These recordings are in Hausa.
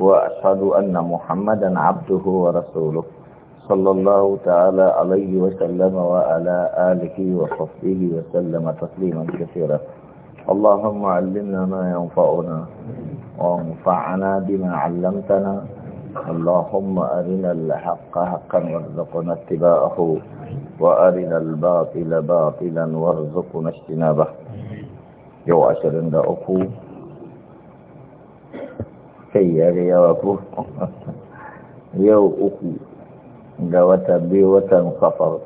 وأشهد أن محمدا عبده ورسوله صلى الله تعالى عليه وسلم وعلى آله وصحبه وسلم تسليما كثيرا اللهم علمنا ما ينفعنا وانفعنا بما علمتنا اللهم أرنا الحق حقا وارزقنا اتباعه وأرنا الباطل باطلا وارزقنا اجتنابه يو عشرين أخوه kai ya yawa ko yau uku ga wata biyu watan safar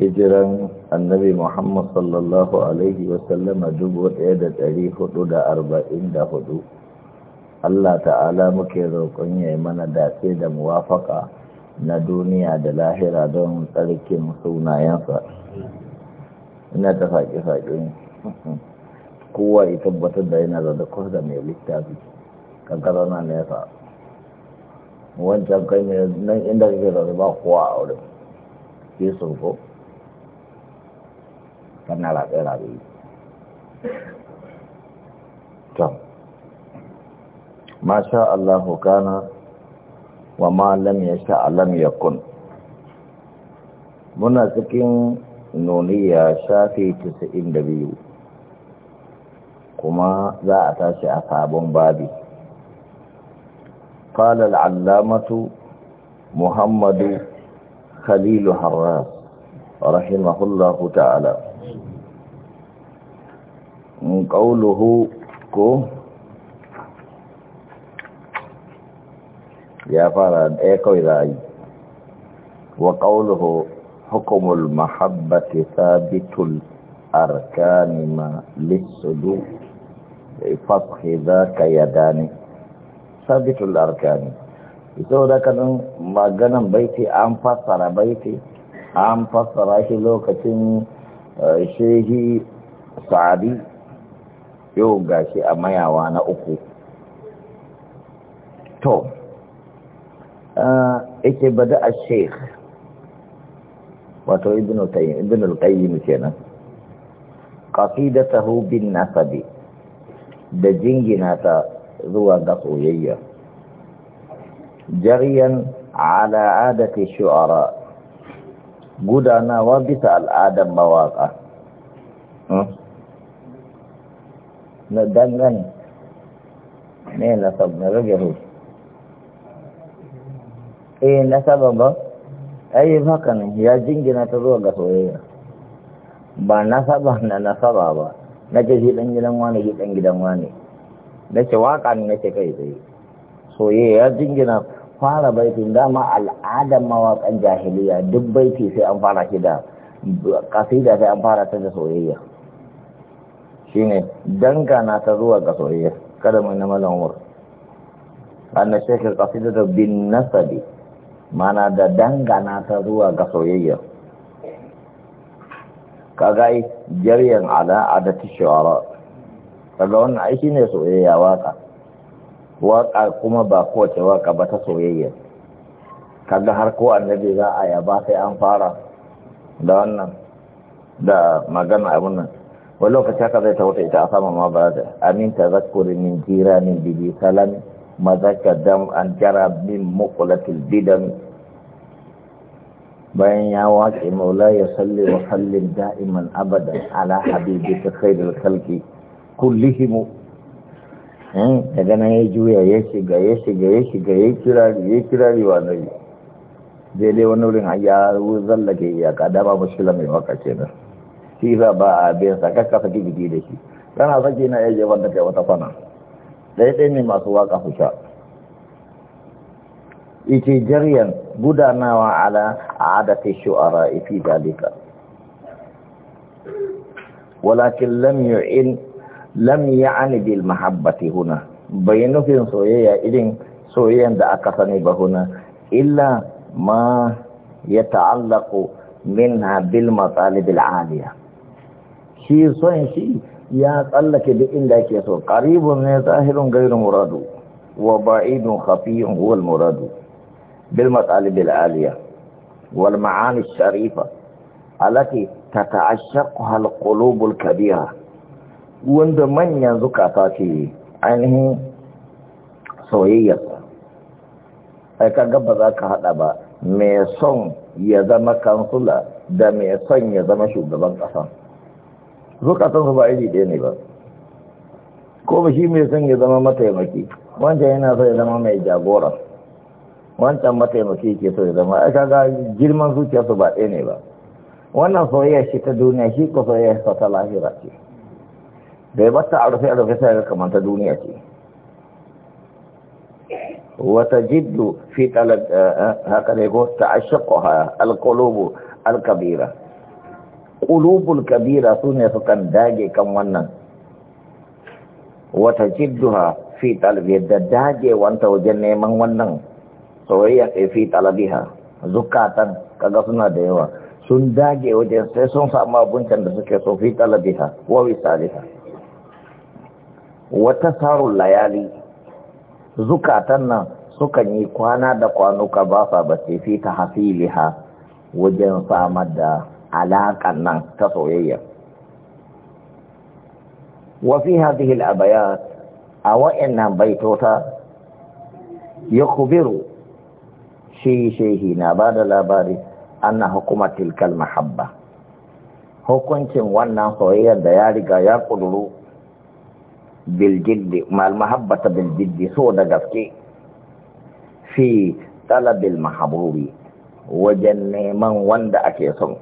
hijiran annabi muhammad sallallahu alaihi wasallama dubu ɗaya da dari hudu da arba'in da hudu allah ta'ala muke roƙon ya yi mana dace da muwafaka na duniya da lahira don tsarkin sunayensa ina ta faƙi-faƙi kowa ya tabbatar da yana da da mai littafi kankara na nesa wancan kai nan inda kake zaune ba kowa a wurin ke sun ko kana rabe rabe to ma sha Allah kana wa ma lam yasha lam yakun muna cikin nuniya shafi 92 kuma za a tashi a sabon babi قال العلامة محمد خليل حراس رحمه الله تعالى قوله كو يا فرد ايكو إذا وقوله حكم المحبة ثابت الأركان ما للسجود فضح ذاك يداني sabitul arkani ito da kanin maganan baiti an fassara baiti an fassara shi lokacin eh, shehi sa'adi yau shi a mayawa na uku to yake eh, bada a sheikh wato ibn al-qayyim kenan qasidatahu bin nasabi da jingina ta zuwa ga soyayya jariyan ala adati shu'ara gudanawa bisa al'adar mawaƙa hmm? na dangane ne nasab na rage hu eh nasaban ba ayi haka ne ya jingina ta zuwa ga soyayya ba nasaba na nasaba ba na ke shi dan gidan wani shi dan gidan wani nake waƙan nake kai tsaye soyayya jingina fara baitin dama al'adar mawaƙan jahiliya duk baiti sai an fara shi da kasida sai an fara ta da soyayya Shi shine dangana ta zuwa ga soyayya kada mu na malam umar anna shekar kasida da bin nasabi mana da dangana ta zuwa ga soyayya kaga jaryan ala adati shawara kaga wannan ai ne soyayya waka waka kuma ba kowace waka ba ta soyayya kaga har ko annabi za a yaba sai an fara da wannan da magana a nan wani lokaci haka zai ta wuta ita a sama ma ba da amin ta zakuri min jira min bibi salam mazaka dam an jara min mukulatul bidan bayan ya waƙe maula ya salli wa sallin da'iman abadan ala habibi ta khairul khalqi kullihim hmm, daga ya juya ya shiga ya shiga ya shiga ya kirari ya kirari wa zai dai wani wurin ya zallake iyaka kada ba mushkila mai waka na shi za ba a biyan sa kakka saki jiki da shi kana saki na yaje wanda kai wata kwana daidai ne masu waka su sha ite jaryan gudanawa ala adati shu'ara fi dalika walakin lam yu'in lam ya'ani bil mahabbati huna bai nufin soyayya irin soyayyan da aka sani ba huna illa ma ya ta'allaku minha bil matsalibil aliya shi son shi ya tsallake duk inda ake so qaribun ne zahirun gairu muradu wa ba'idun khafiyun huwa al muradu bil matsalibil aliya wal ma'ani sharifa allati tata'ashshaqu al qulubul kabira wanda manyan zukata ce ainihin soyayyarsa ai kaga ba za ka haɗa ba mai son ya zama kansula da mai son ya zama shugaban zukatan su ba iri ɗaya ne ba ko ba shi mai son ya zama mataimaki wancan yana so ya zama mai jagora wancan mataimaki ke so ya zama a kaga girman zuciyarsu ba ɗaya ne ba wannan soyayya shi ta duniya shi ko soyayya ta lahira ce bai ya bata a rufe sai ga kamar ta duniya ce wata jiddu fi talab eh, eh, haka ne ko ta ashakoha alkolobo alkabira ƙulubul kabira su kan sukan dage kan wannan wata jidduha fi talab da dage wanta wajen neman wannan soyayya ke fi talabiha zukatan kaga suna da yawa sun dage wajen sai sun samu abincin da suke so fi talabiha wa wata sarun layali zukatan nan sukan yi kwana da kwanuka ba sa ba ce fi ta hasiliha wajen samar da alaƙan nan ta soyayya wafi hadhihi al-abayat a wa'annan baitota kubiru shi shehi na bada labari anna hukumatil kalmahabba hukuncin wannan soyayyar da ya riga ya kuduru biljiddi mal mahabbata biljiddi so da gaske fi talabil mahabubi wajen neman wanda ake son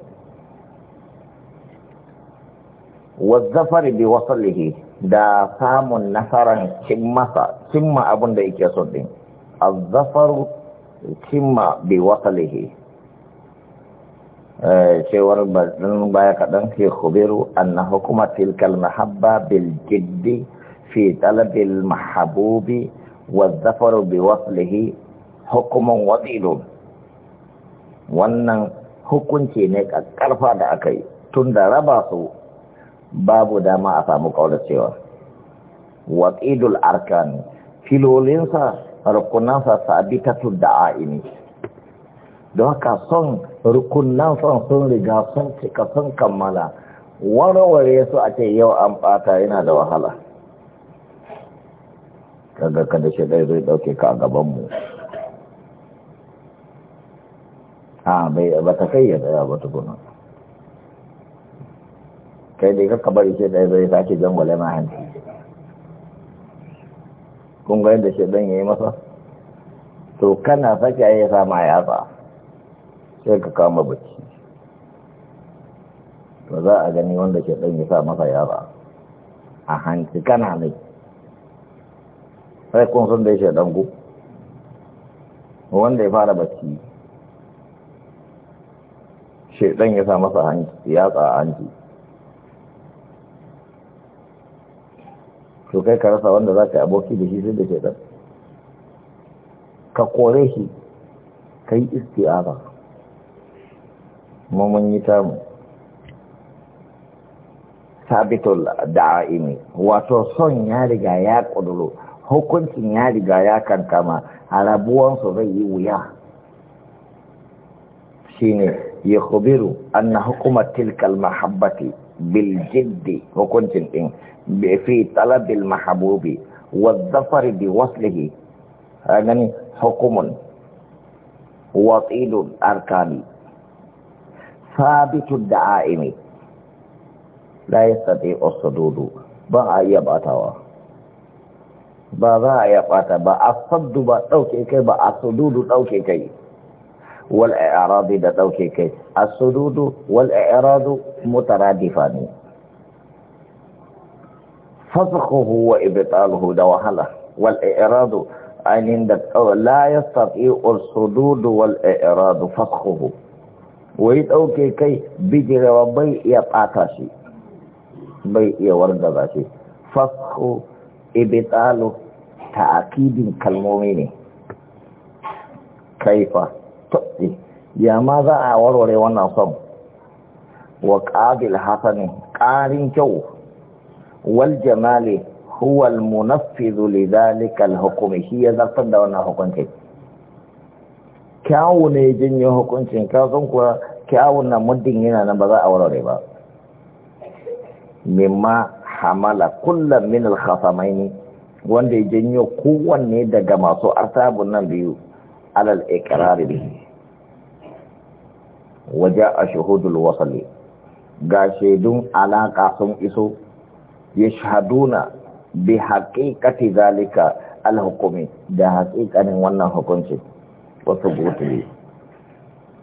wazzafar bi wasalihi da samun nasarar cimmasa cimma abin da yake so din azzafaru cimma bi wasalihi eh, cewar ba baya kaɗan ke kubiru annahu kuma tilkal mahabba bil jiddi في طلب المحبوب والظفر بوصله حكم وطيل wannan hukunci ne karfa da aka yi tun da raba su babu dama a samu kauracewa waƙidul arkan filolinsa rukunansa sabitatu da'a'ini don haka son rukunan sun riga sun cika sun kammala warware su a ce yau an ɓata yana da wahala kaga kada shi dai zai dauke ka a gaban mu a bai ba ta kai ya tsaya ba tukuna kai dai ka bari shi dai zai sake jangwale ma hanci kun ga yadda shi dan yayi masa to kana sake ya sama yatsa sai ka kama bacci to za a gani wanda ke dan ya sa masa yatsa a hanci kana ne sai kun san da ya shaidan wanda ya fara bacci shaidan ya sa masa hanci ya tsa hanci to kai ka rasa wanda za ka yi aboki da shi sai da shaidan ka kore shi ka yi isti'aza mun yi tamu sabitul da'a'imi wato son ya riga ya kuduru. hukuncin ya riga ya kankama a rabuwansu zai yi wuya shi ne ya an na hukumar tilkal mahabbati bil jiddi hukuncin din fi talabil mahabubi wa zafari bi waslihi gani hukumun watsilun arkani sabitu da da'a'imi la yastati as-sududu ba a iya batawa ba za a iya fata ba a saddu ba ɗauke kai ba a sududu ɗauke kai wal a'radi da ɗauke kai a sududu wal a'radu mutaradifa ne fasakhuhu wa ibtaluhu da wahala wal a'radu ainin da la yastati'u as-sududu wal a'radu fasakhuhu wai ɗauke kai bijirewa bai iya ɓata shi bai iya wargaza shi fasakhu ibtaluhu ta'akidin kalmomi ne kaifa to eh, ya ma za a warware wannan son wa qabil hasani ƙarin kyau wal jamali huwa munaffiz li al hukm shi ya zarta da wannan hukunci kyawu ne janyo hukuncin kazan kuwa kyawun nan muddin yana nan ba za a warware ba mimma hamala kullum min al-kwasa khasamaini wanda ya janyo kowanne daga masu asabun nan biyu alal iqrari bihi waja a shuhudul wasali ga shaidun alaƙa sun iso ya shahaduna bi haƙiƙati zalika alhukumi da haƙiƙanin wannan hukunci wasu gutuli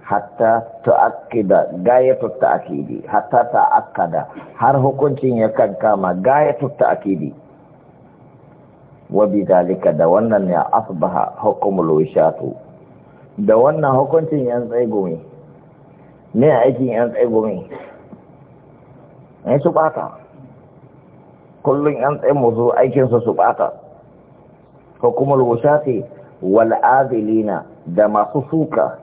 hatta ta'akkida gayatu ta'akidi hatta ta'akkada har hukuncin ya kankama gayatu ta'akidi وبذلك da wannan ya asbaha hukumul wishatu da wannan hukuncin yan tsaigumi ne aikin yan gumi? ne su bata kullum yan tsaimu musu aikin su su bata hukumul wishati wal adilina da masu suka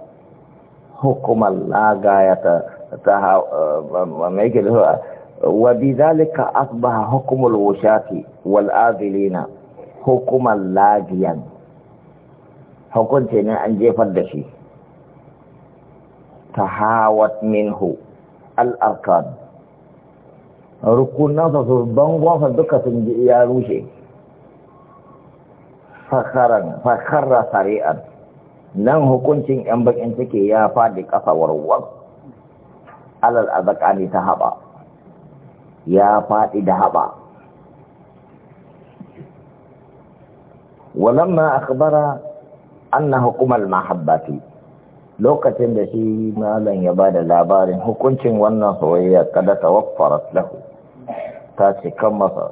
hukumar lagayata ta eh, mai ke da wa bi zalika asbaha hukumul wushati wal azilina hukumar Lajiyan. hukunci ne an jefar da shi ta hawat minhu al'arkan rukunansa su bangonsa duka sun ji ya rushe fakarra sari'ar nan hukuncin 'yan bakin cike ya faɗi ƙasa warwar alal azakani ta haɓa ya faɗi da haɓa walamma akhbara anna hukumal mahabbati lokacin da shi malam ya bada labarin hukuncin wannan soyayya kada tawaffarat lahu ta cikan masa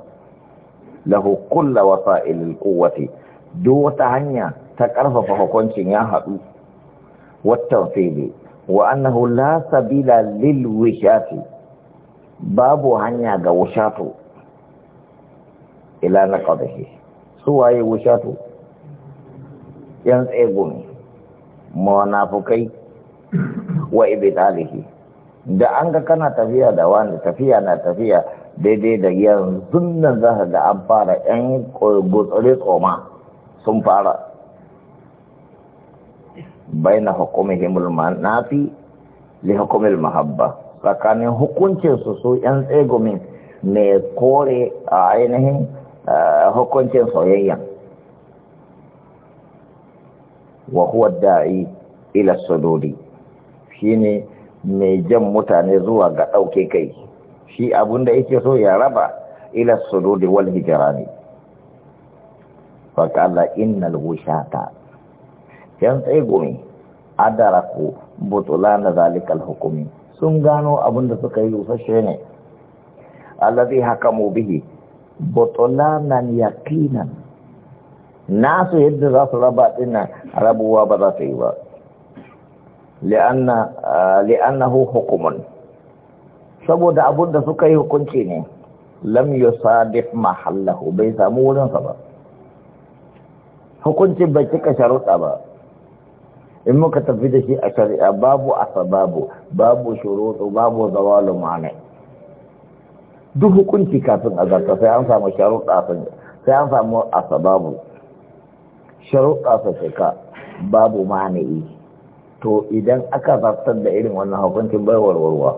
lahu kulla wasa'ilil quwwati duk wata hanya ta karfafa hukuncin ya haɗu wata fili wa annahu la sabila lil wishati babu hanya ga wushatu ila na naqdihi su waye wushatu yan tsegumi munafukai wa ibtalihi da an ga kana tafiya da wani tafiya na tafiya daidai da yanzu nan za ka ga an fara yan gutsuri tsoma sun fara bai na hukumihimul manafi li hukumil mahabba tsakanin hukuncinsu su yan tsegumin mai kore a ainihin hukuncin soyayya wa huwa da'i ila sududi shine mai jan mutane zuwa ga dauke kai shi abunda yake so ya raba ila sududi wal hijrani fa qala innal wushata yan sai gumi adaraku da zalikal hukumi sun gano da suka yi usashe ne allazi hakamu bihi botolanan yakinan nasu yadda za su raba dinnan rabuwa ba za ta yi ba ah, hu hukumun saboda abun da suka yi hukunci ne lam yusadif mahallahu bai samu wurinsa ba hukuncin bai cika sharuɗa ba in muka tafi da shi a shari'a babu asababu babu shuruɗu babu zawalu ma'anai duk hukunci kafin a zarta sai an samu sharuɗa sun sai an samu asababu sharuɗa sai ka babu mani to idan aka zartar da irin wannan hukuncin bai warwarwa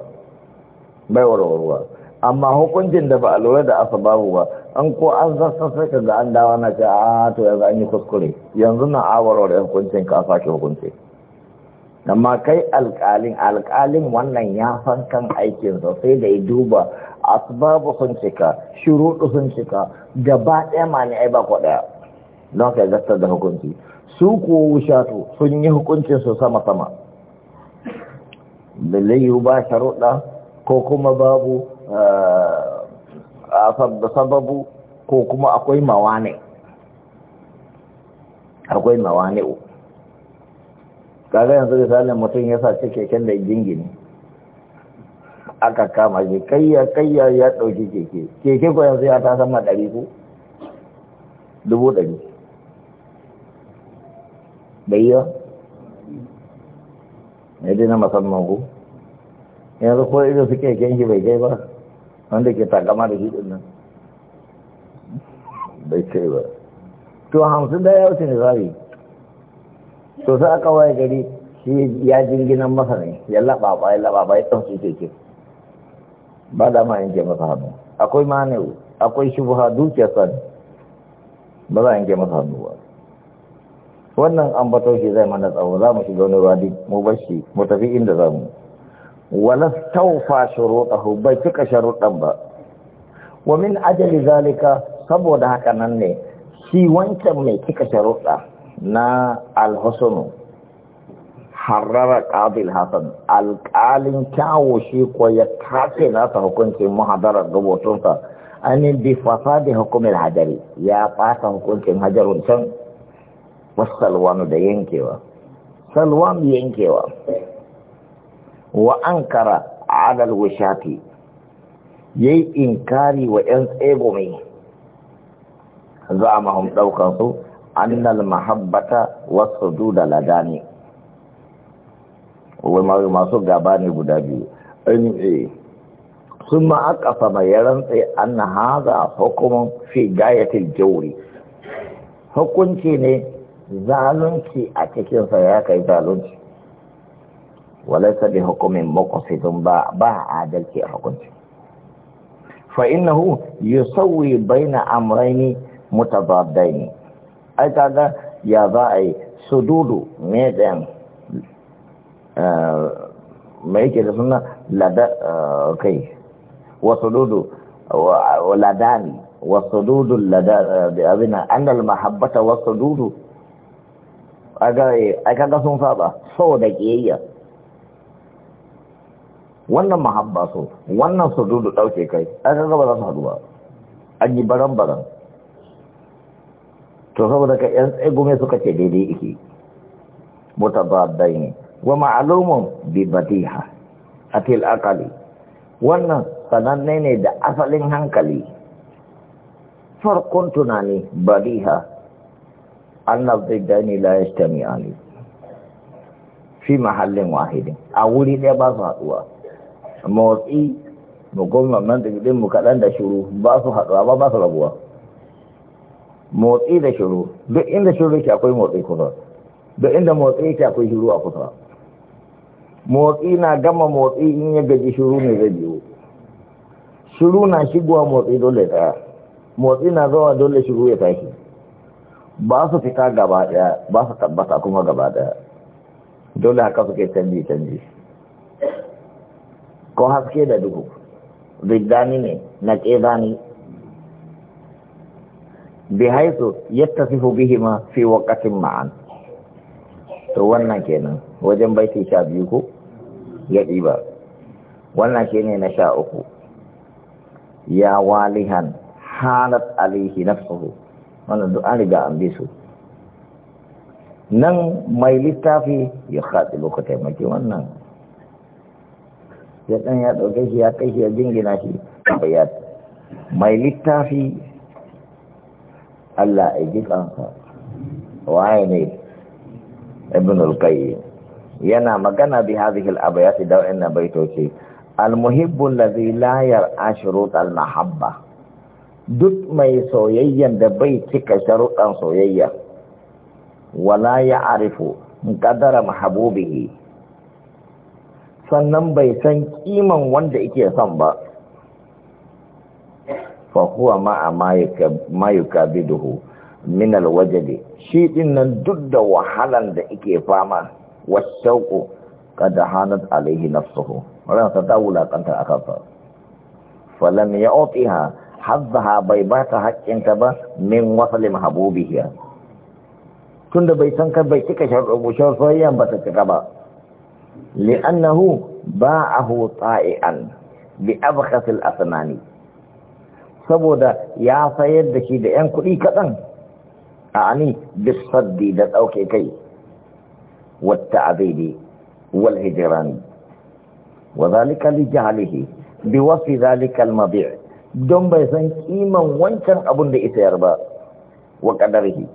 amma hukuncin da ba a lura da asababu ba an ko an zartar sai ka ga an dawa na ce a ah, to yanzu an yi kuskure yanzu na awarwar hukuncin ka sake hukuncin amma kai alƙalin alƙalin wannan ya san kan aikin sai da ya duba asbabu sun cika shuruɗu sun cika gaba ɗaya ma ne ai ba ko ɗaya don ka gastar da hukunci su kuwa wushatu sun yi hukuncin su sama sama bilayu ba sharuɗa ko kuma babu eh, sababu ko kuma akwai mawane akwai mawane'u kaga yanzu misalin mutum ya sa cike keken da gingini aka kama shi kayya kayya ya ɗauki keke keke ko yanzu ya ta sama ɗari ko dubu ɗari bai yi ya dina musamman ku yanzu ko ido su keken shi bai kai ba wanda ke takama da shi dinnan. bai kai ba to hamsin da ya wuce ne zari to sai aka waye gari shi ya jinginan masa ne ya laɓaɓa ya laɓaɓa ya ɗauki teke ba da ma yanke masa hannu akwai ne akwai buha dukiyar sa ba za a yanke masa hannu ba wannan ambato shi zai mana tsawo za mu shiga wani radi mu bar shi mu tafi inda za mu wala tawfa shurutahu bai cika sharuɗan ba wa min ajali zalika saboda haka nan ne shi wancan mai cika sharuɗa na alhassanu harrara ƙabil hassan alƙalin kyawo shi ko ya nasa hukuncin muhadarar rubutunsa ainihin bi fasadi hukumin hajari ya ɓata hukuncin hajarun can wasu da yankewa salwanu yankewa wa an kara adal wishati ya yi inkari wa ‘yan tsegumi za a mahim ɗaukansu annal mahabbata wasu duda ladani masu gaba ne guda biyu sun ma'akafa mai rantse an haza hukumin fi gayatil jauri hukunci ne zalunci a cikinsa ya kai zalunci walaisa bi hukumin makwasitun ba ba adalci a hukunci fa innahu yusawwi baina amrayni mutadaddaini ai da ya ba ai sududu me dan me yake da sunna lada kai sududu dudu ladani wasu dudu da abinan annal mahabbata wasu dudu a kaga sun saba so da kiyayya wannan mahabba so wannan sududu dauke kai aga kaga ba za su haɗu ba an yi baran-baran to saboda ka yan tsegume suka ce daidai ike ne wa ma'alumun bi badiha a aqali wannan sananne ne da asalin hankali farkon tunani badiha annab zidani la ne fi mahallin wahidin a wuri ɗaya ba su haɗuwa motsi mu goma mantakidin mu kaɗan da shuru ba su haɗuwa ba ba su rabuwa motsi da shiru duk inda shiru yake akwai motsi kusa duk inda motsi yake akwai shiru a kusa motsi na gama motsi in ya gaji shiru ne zai biyu shiru na shigowa motsi dole tsaya motsi na zuwa dole shiru ya tashi ba su fita gaba daya ba su tabbata kuma gaba daya dole haka suke canji canji ko haske da duhu riddani ne na ƙezani bihaisu yattasifu bihima fi waqatin ma'an to wannan kenan wajen baiti sha biyu ko ya ɗiba wannan shine na sha uku ya walihan halat alaihi nafsuhu wannan duk riga an bi nan mai littafi ya haɗi lokacin maki wannan ya ɗan ya ɗauke shi ya kai shi ya jingina shi mai littafi Allah a ji kansa waye ne ibn al-qayyim yana magana bi hadhihi al-abayat da wa'anna baitoci al-muhibbu alladhi la yar'a al-mahabba duk mai soyayyan da bai cika sharuɗan soyayya wala ya'rifu qadara mahabubihi sannan bai san kiman wanda yake son ba fahuwa ma'a ma yukabiduhu min alwajadi shi ɗin nan duk da wahalan da yake fama wasauku kada hanat alaihi nafsuhu ransa ta wulakanta a kansa falam ya ha, hazzaha bai ba ta haƙƙinta ba min wasali mahabubiya tunda bai san ka bai cika sharfayyan ba ta cika ba li'annahu ba'ahu ta'i'an bi abkhasil asnani saboda ya sayar da shi da 'yan kuɗi kaɗan a ani bisaddi da ɗauke kai wata abidi wal hijirani wa zalika li jahalihi bi wasu zalika al don bai san kiman wancan abun da isayar ba wa qadarihi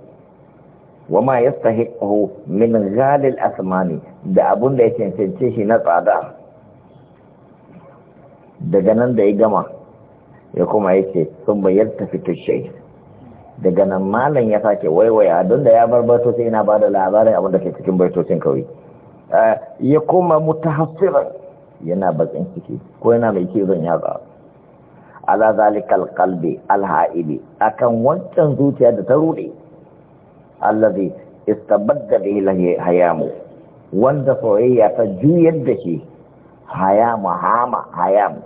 wa ma yastahiqu min ghalil asmani da abun da ya cancance shi na tsada daga nan da ya gama ya kuma yake sun bayar tafi tushai daga nan malam ya sake waiwaya don da ya bar baitocin yana ba da labarin abinda ke cikin baitocin kawai ya kuma mutahassiran yana bakin ciki ko yana mai zan yaba ala zalikal kalbi alha'ili akan wancan zuciya da ta rude allazi istabadda bihi hayamu wanda soyayya ta juyar da shi hayamu hama hayamu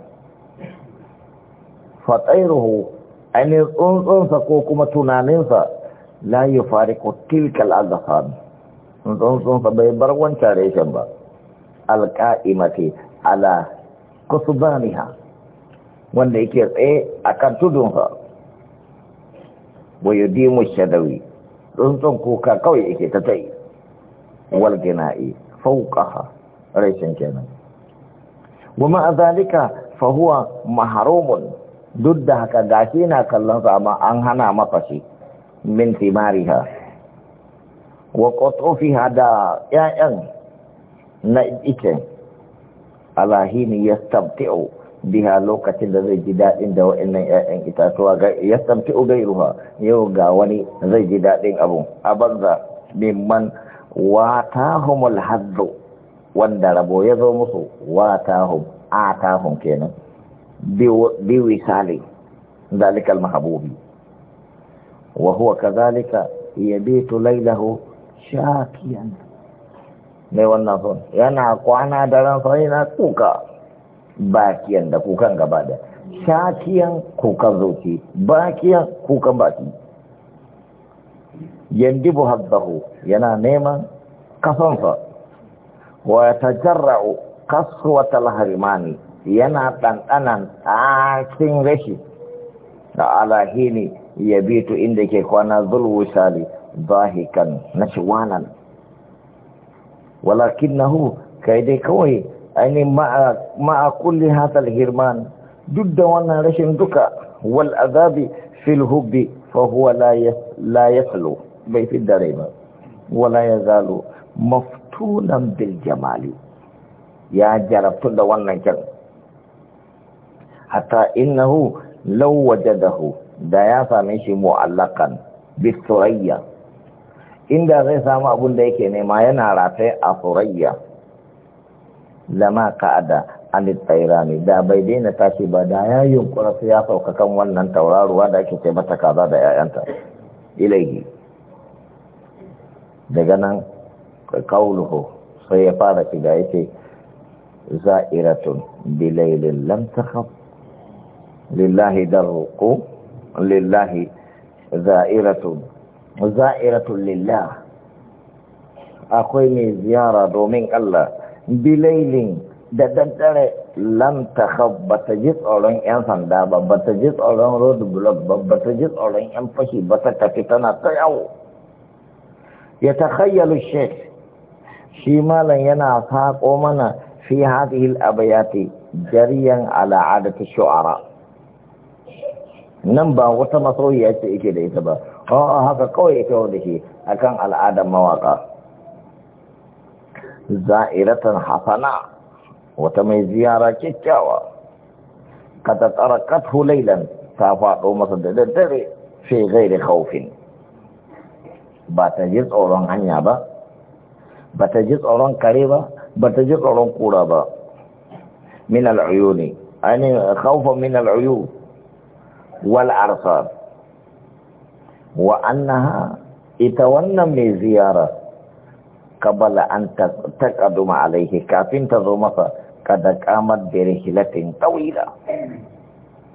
fatsairuhu ainihin tsuntsunsa ko kuma tunaninsa la yi fari ko tilkal azafan tsuntsunsa bai bar wancan reshen ba alka'imati ala kusubaniha wanda yake tsaye a kan tudunsa wayo dimu shadawi tsuntsun kuka kawai yake ta tai walgina'i fauƙaha reshen kenan ومع ذلك fahuwa محروم duk da haka gashi na kallon su amma an hana mafashi shi min timariha wa qatufiha da ya'yan na ikin alahini yastabti'u biha lokacin da zai ji daɗin da wa'annan ƴaƴan itatuwa ga yastamti'u gairuha yau ga wani zai ji daɗin abu a banza mimman watahumul hazzu wanda rabo ya zo musu ta atahum kenan بوصال ذلك المحبوب وهو كذلك يبيت ليله شاكيا mai wannan son yana kwana daren son yana kuka bakiyan da kukan gaba da shakiyan kukan zoce bakiyan kukan baki yandibu haddahu yana neman kasansa wa tajarra'u kaswatal harimani yana ɗanɗanan ɗakin rashi da ne ya bitu inda ke kwana shi kan na shiwanan walakin na hu kai dai kawai ainihin ma'a kulli hatal hirman duk da wannan rashin duka wal azabi fil hubbi fa huwa la yaslu bai fi dare ba wala ya zalo maftunan bil jamali ya jarabtu da wannan kyan hatta innahu law wajadahu da ya same shi mu'allakan bi surayya inda zai samu abun da yake nema yana rataye a surayya lama ka'ada an tayrani da bai daina tashi ba da ya yunkura sai ya sauka kan wannan tauraruwa da ake ce mata kaza da 'ya'yanta ilaihi daga nan kauluhu sai ya fara shiga yake za'iratun bilailin lam takhaf lillahi darruku lillahi za'iratun za'iratun lillah akwai mai ziyara domin Allah Bilalin da daddare lam takhab bata ji tsoron yan sanda ba bata ji tsoron road block ba bata ji tsoron yan fashi ba ta tafi tana ta yawo ya takhayyalu shi malam yana faƙo mana fi abayati jariyan ala adati shu'ara nan ba wata masoyiya ce yake da ita ba a haka kawai ya kawo da shi akan al'adar mawaka za'iratan hasana wata mai ziyara kyakkyawa ta tsara katu lailan ta faɗo masa da daddare sai gairi haufin ba ta ji tsoron hanya ba ba ta ji tsoron kare ba ba ta ji tsoron kura ba min al'uyu ne ainihin haufan min al'uyu wal wa annaha ita wannan mai ziyara kabala an taqadduma alaihi kafin ta zo masa kada kamar da rihilatin tawila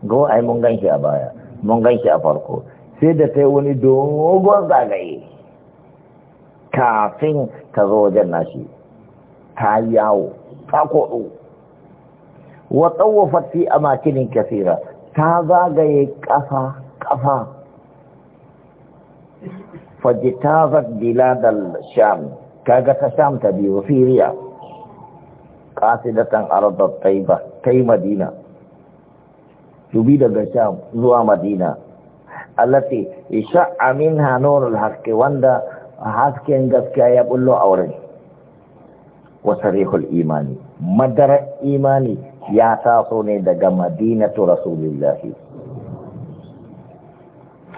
go ai mun ganki a baya mun ganki a farko sai da ta yi wani dogon zagaye kafin ta zo wajen nashi ta yawo ta koɗo wa fatti fi kasira ta zagaye ƙafa ƙafa fajitazat da sham kaga ta sham ta biyu siriya qasidatan ardat taiba yi madina dubi daga sham zuwa madina allati isha amin nurul haqqi wanda hasken gaskiya ya bullo a wurin wa imani madarar imani ya taso ne daga madinatu rasulillahi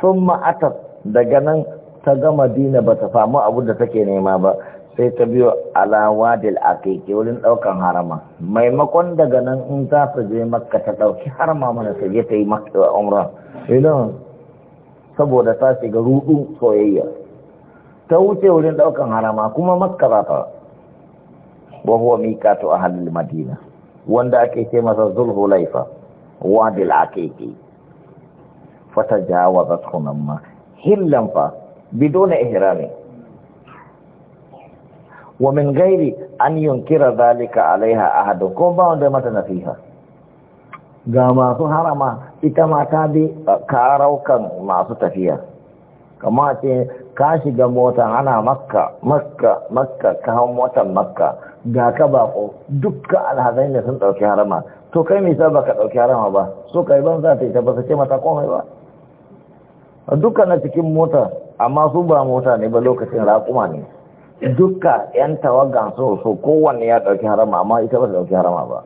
sun ma'atar daga nan ta ga madina ba ta samu abu da take nema ba sai ta biyo alawa a keke wurin ɗaukan harama maimakon daga nan in za su je makka ta ɗauki harama mana ta je ta yi makka wa umra ilan saboda ta shiga ruɗu soyayya ta wuce wurin ɗaukan harama kuma makka za ta wa huwa miƙatu a halin madina wanda ake ce masa zulhulaifa wadil aqiqi fatajawazat hunamma hillan fa bidona ihrami wa min ghairi an yunkira dhalika alaiha ahad ko ba wanda mata nasiha ga masu harama ita ma ta bi karaukan masu tafiya kama ce ka shiga mota ana makka makka makka ka hau motar makka ga ka bako dukkan alhazai ne sun ɗauki harama to kai sa ba ka ɗauki harama ba so kai ban za ta yi ta ce mata komai ba dukka na cikin mota amma su ba mota ne ba lokacin raƙuma ne dukka 'yan tawagan so so kowanne ya ɗauki harama amma ita ba ta ɗauki harama ba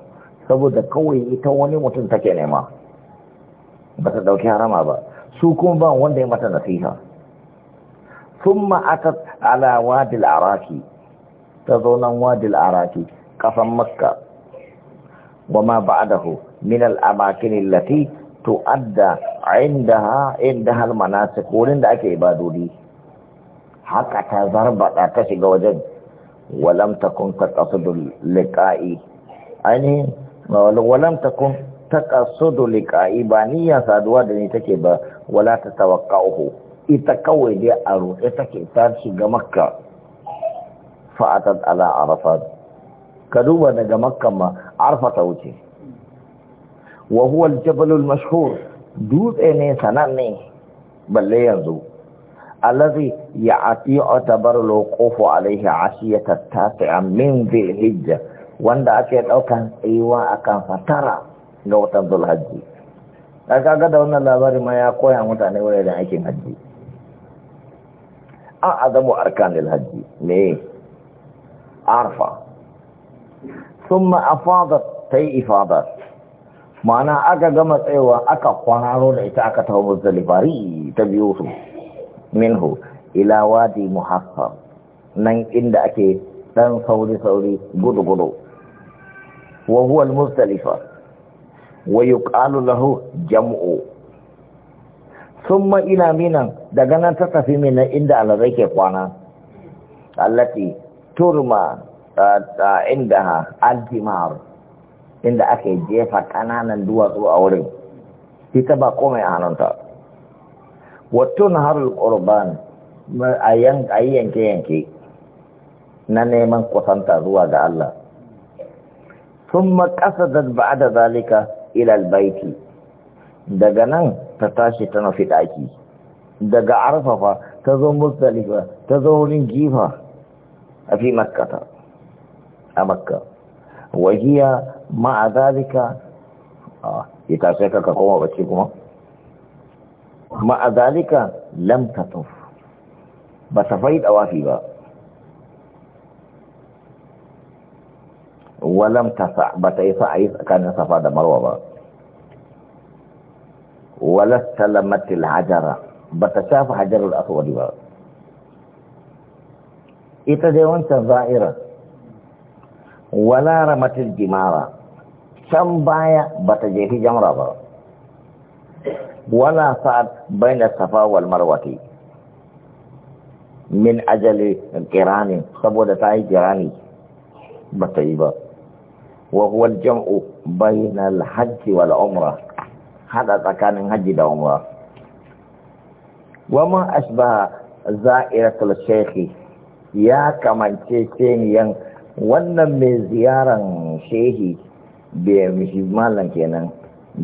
saboda kawai ita wani mutum take nema ba ta ɗauki harama ba su kuma ba wanda ya mata nasiha sun أتت على wadil العراكي ta zaunan wadil araki kafan makka wa ma ba'dahu min al-amakin allati tu'adda indaha indaha al-manasik wurin da ake ibadodi haka ta zarba da ta shiga wajen lam takun taqasudu liqa'i ani lam takun taqasudu liqa'i ba niyya saduwa da ni take ba wala ta tawaqqa'uhu ita kawai dai a ruɗe take ta shiga makka fa'atat ala arafat ka duba daga makka ma arfa ta wuce wa huwa al-jabal al-mashhur dutse ne sananne balle yanzu allazi ya'ati atabar al-wuqufu alayhi ashiyata tasi'a min Bil, hijja wanda ake daukan tsayuwa akan fatara ga watan zulhajji ga da wannan labari ma ya koya mutane wurin aikin hajji an azamu arkanil hajji me arfa summa afadat ta yi ifadat ma'ana aka gama tsayawa aka kwanaro da ita aka tawo muzdalifari ta biyu su minhu ila wadi muhaffar nan inda ake dan sauri-sauri gudu-gudu wa huwa al-muzdalifa wa yuqalu lahu jam'u summa ila minan daga nan ta tafi na inda alazai ke kwana allati turma inda aljimar inda ake jefa kananan duwatsu a wurin ita ba komai a hannunta watun harul ƙurban a yi yanke-yanke na neman kusanta zuwa ga Allah sun makasa da ba da zalika ilal baiti daga nan ta tashi ta nufi ɗaki daga arfafa ta zo musdalifa ta zo wurin jifa في مكة أمكة آه، وهي مع ذلك آه، يتعسكك كما بشيكما مع ذلك لم تطف بس بسفيد أوافي با ولم تسع بس بسيسع إيه إيه كان سفا دا مروة با ولست لمت الحجر بتشاف حجر الأسود با ita dai wancan za'irar wala ramatil jimara can baya bata jefi jamra ba wala sa'ad baina safa wal marwati min ajali kirani saboda ta yi kirani bata yi ba wa huwa jam'u baina al hajj wal umra hada tsakanin hajji da umra wa ma ashbaha za'iratul shaykh ya kamance ceniyan wannan mai ziyaran shehi da malam kenan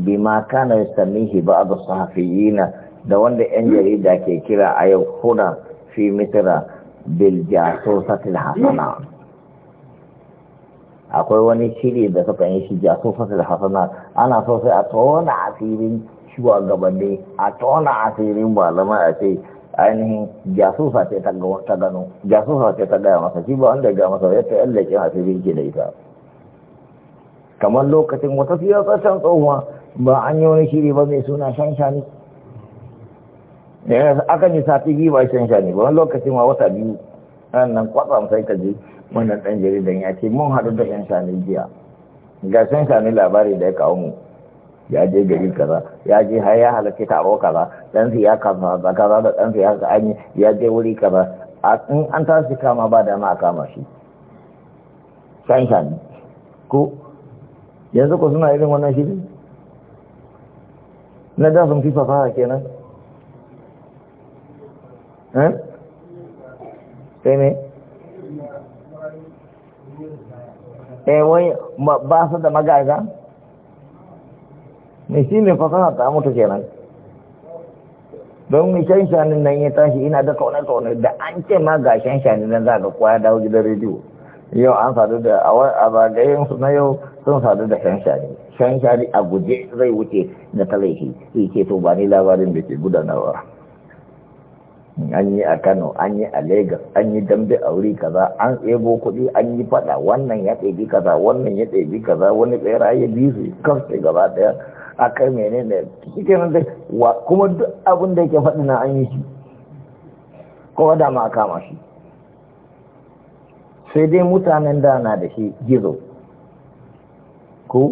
bima kana samihi ba abu sahafiyina da wanda yan jarida ke kira a yau kuna fi misira bil jasusatil hasana akwai wani shiri da suka yi shi jasusatil hasana ana so sai a tona asirin shugabanni a tona asirin malamai a ce ainihin jasusa ce ta gano jasusa ce ta gaya masa shi ba wanda ga masa yadda yan leƙin hasirin ke da ita kamar lokacin wata siyasa can tsohuwa ba an yi wani shiri ba mai suna shan shani eh, aka yi sati biyu ba shan shani ba wani lokacin ma wata biyu nan kwatsa sai ka ji wannan ɗan jaridan ya ce mun haɗu da yan shani jiya ga shan shani labari da ya kawo mu ya je gari kaza ya je har ya halarci taro kaza dan ya kaza da kaza da dan ya ka anyi ya je wuri kaza in an tashi kama ba da ma kama shi san san ko yanzu ko suna irin wannan shiri na da sun fi fasaha kenan eh sai ne eh wai ba su da magaza ne shi mai fasaha ta mutu kenan don mishan shan nan ya tashi ina da kaune kaune da an ce ma ga shan shanin nan za ga kwaya dawo gidan rediyo yau an sadu da a bagayen su na yau sun sadu da shan shani shan shani a guje zai wuce na talaihi shi ke to ba ni labarin da ke gudanawa an yi a kano an yi a Legas, an yi dambe a wuri kaza an ebo kuɗi an yi fada wannan ya tsebi kaza wannan ya tsebi kaza wani tsera ya bi su kafin gaba ɗaya a kai mene ne cikin da kuma duk abin da yake faɗi na an yi shi kuma da ma kama shi sai dai mutanen da na da shi gizo ko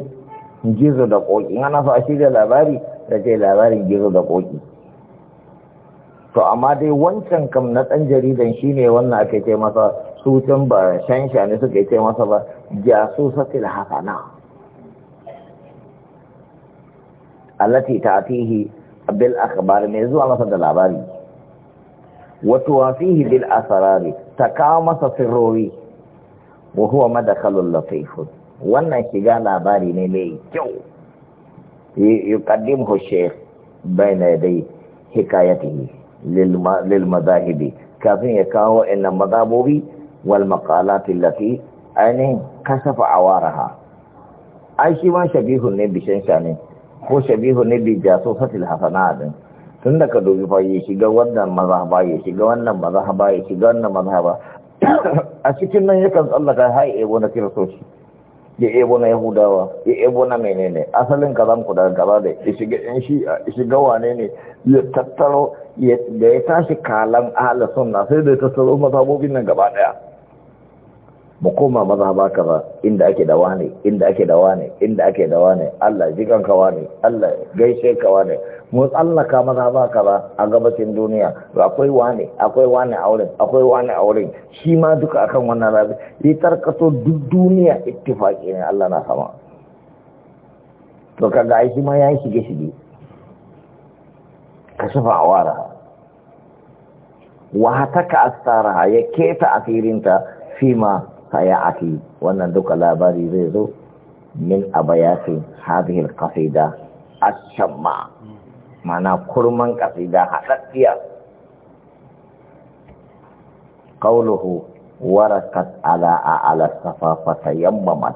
gizo da ƙoƙi ana so a shirya labari da ce labarin gizo da ƙoƙi to amma dai wancan kam na ɗan jaridan shine ne wannan ake ce masa su can ba shansha ne suke ce masa ba jasu haka na allati ta'tihi bil akhbar mai zuwa masa da labari wa tuwafihi bil asrari ta kawo masa sirori, wa huwa madakhalul latif wannan shiga labari ne mai kyau yuqaddimuhu shaykh bayna dai hikayatihi lil mazahibi kafin ya kawo innan mazabobi wal maqalatin lati ainihin kasafa awaraha ai shi ma shabihun ne bishan ne ko shabihun ne bi jasusatil hasanadin tun da ka dubi fa ya shiga wannan mazhaba ya shiga wannan mazhaba ya shiga wannan mazhaba a cikin nan yakan tsallaka hai ebo na kiristoci ya ebo na yahudawa ya ebo na menene asalin kazan ku da kaza da ya shiga yan shi ya shiga wane ne ya tattaro da ya tashi kalan ala suna sai da ta tsaro mazhabobin nan gaba daya mu koma mazhaba kaza inda ake da wane inda ake da wane inda ake da wane Allah jikan ka wane Allah gaishe ka wane mu tsallaka mazhaba kaza a gabacin duniya akwai wane akwai wane a wurin akwai wane a wurin shi ma duka akan wannan rabi yi tarkato duk duniya ittifaki ne Allah na sama to kaga ai shi ma ya shige shige كشف عوارها وهتك أستارها يكيت أثيرنت فيما سيأتي ونندك لا باري ريزو من أبيات هذه القصيدة الشماء معنى كرما قصيدة حتى قوله ورقت على أعلى الصفا فتيممت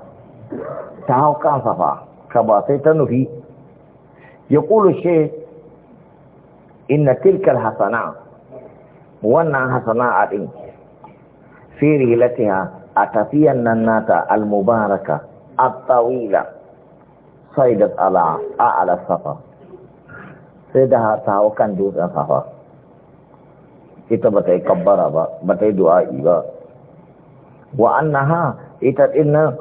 تهو كان صفا كباطيت نفي يقول الشيخ إن تلك الحسناء وانا حسناء عدن في رهلتها أتفيا النناتا المباركة الطويلة صيدت على أعلى الصفا سيدها تهوكا جوزا صفا إتبت إكبر با بتي دعائي با وأنها إتت إن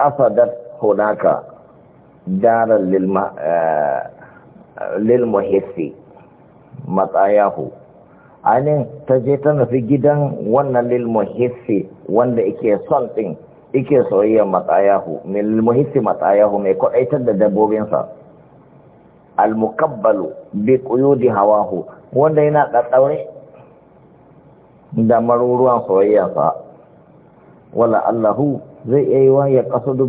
أفدت هناك دارا للمحسي matsayahu ainihin ta je ta nufi gidan wannan lilmuhissi wanda ike son ɗin ike soyayyar matsayahu lilmuhissi matsayahu mai kwaɗaitar da dabbobinsa almukabbalu bi kuyudi hawahu wanda yana ɗaɗɗaure da maruruwan soyayyarsa wala allahu zai iya yi wa ya ƙasudu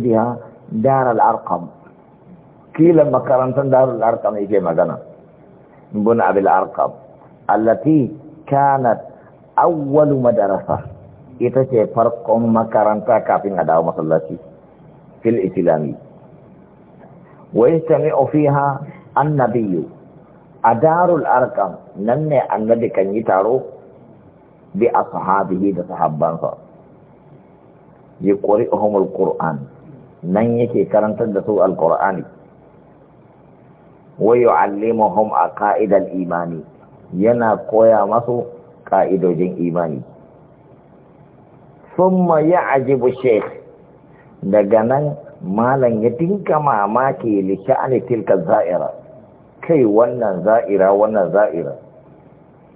darar arkam kilan makarantar darar arkam yake magana بن أبي الأرقم التي كانت أول مدرسة إتشي فرق مكرنتا كافين أداو مصلاتي في الإسلام ويجتمع فيها النبي أدار الأرقم نني النبي كان يتارو بأصحابه ده صحابانه يقرئهم القرآن نن يكي كرنتا دسو القرآن wa a ka'idar imani yana koya masu ka'idojin imani ya ajibu shek. daga nan malam ya dinka mamaki li tilka za'ira kai wannan za'ira wannan za'ira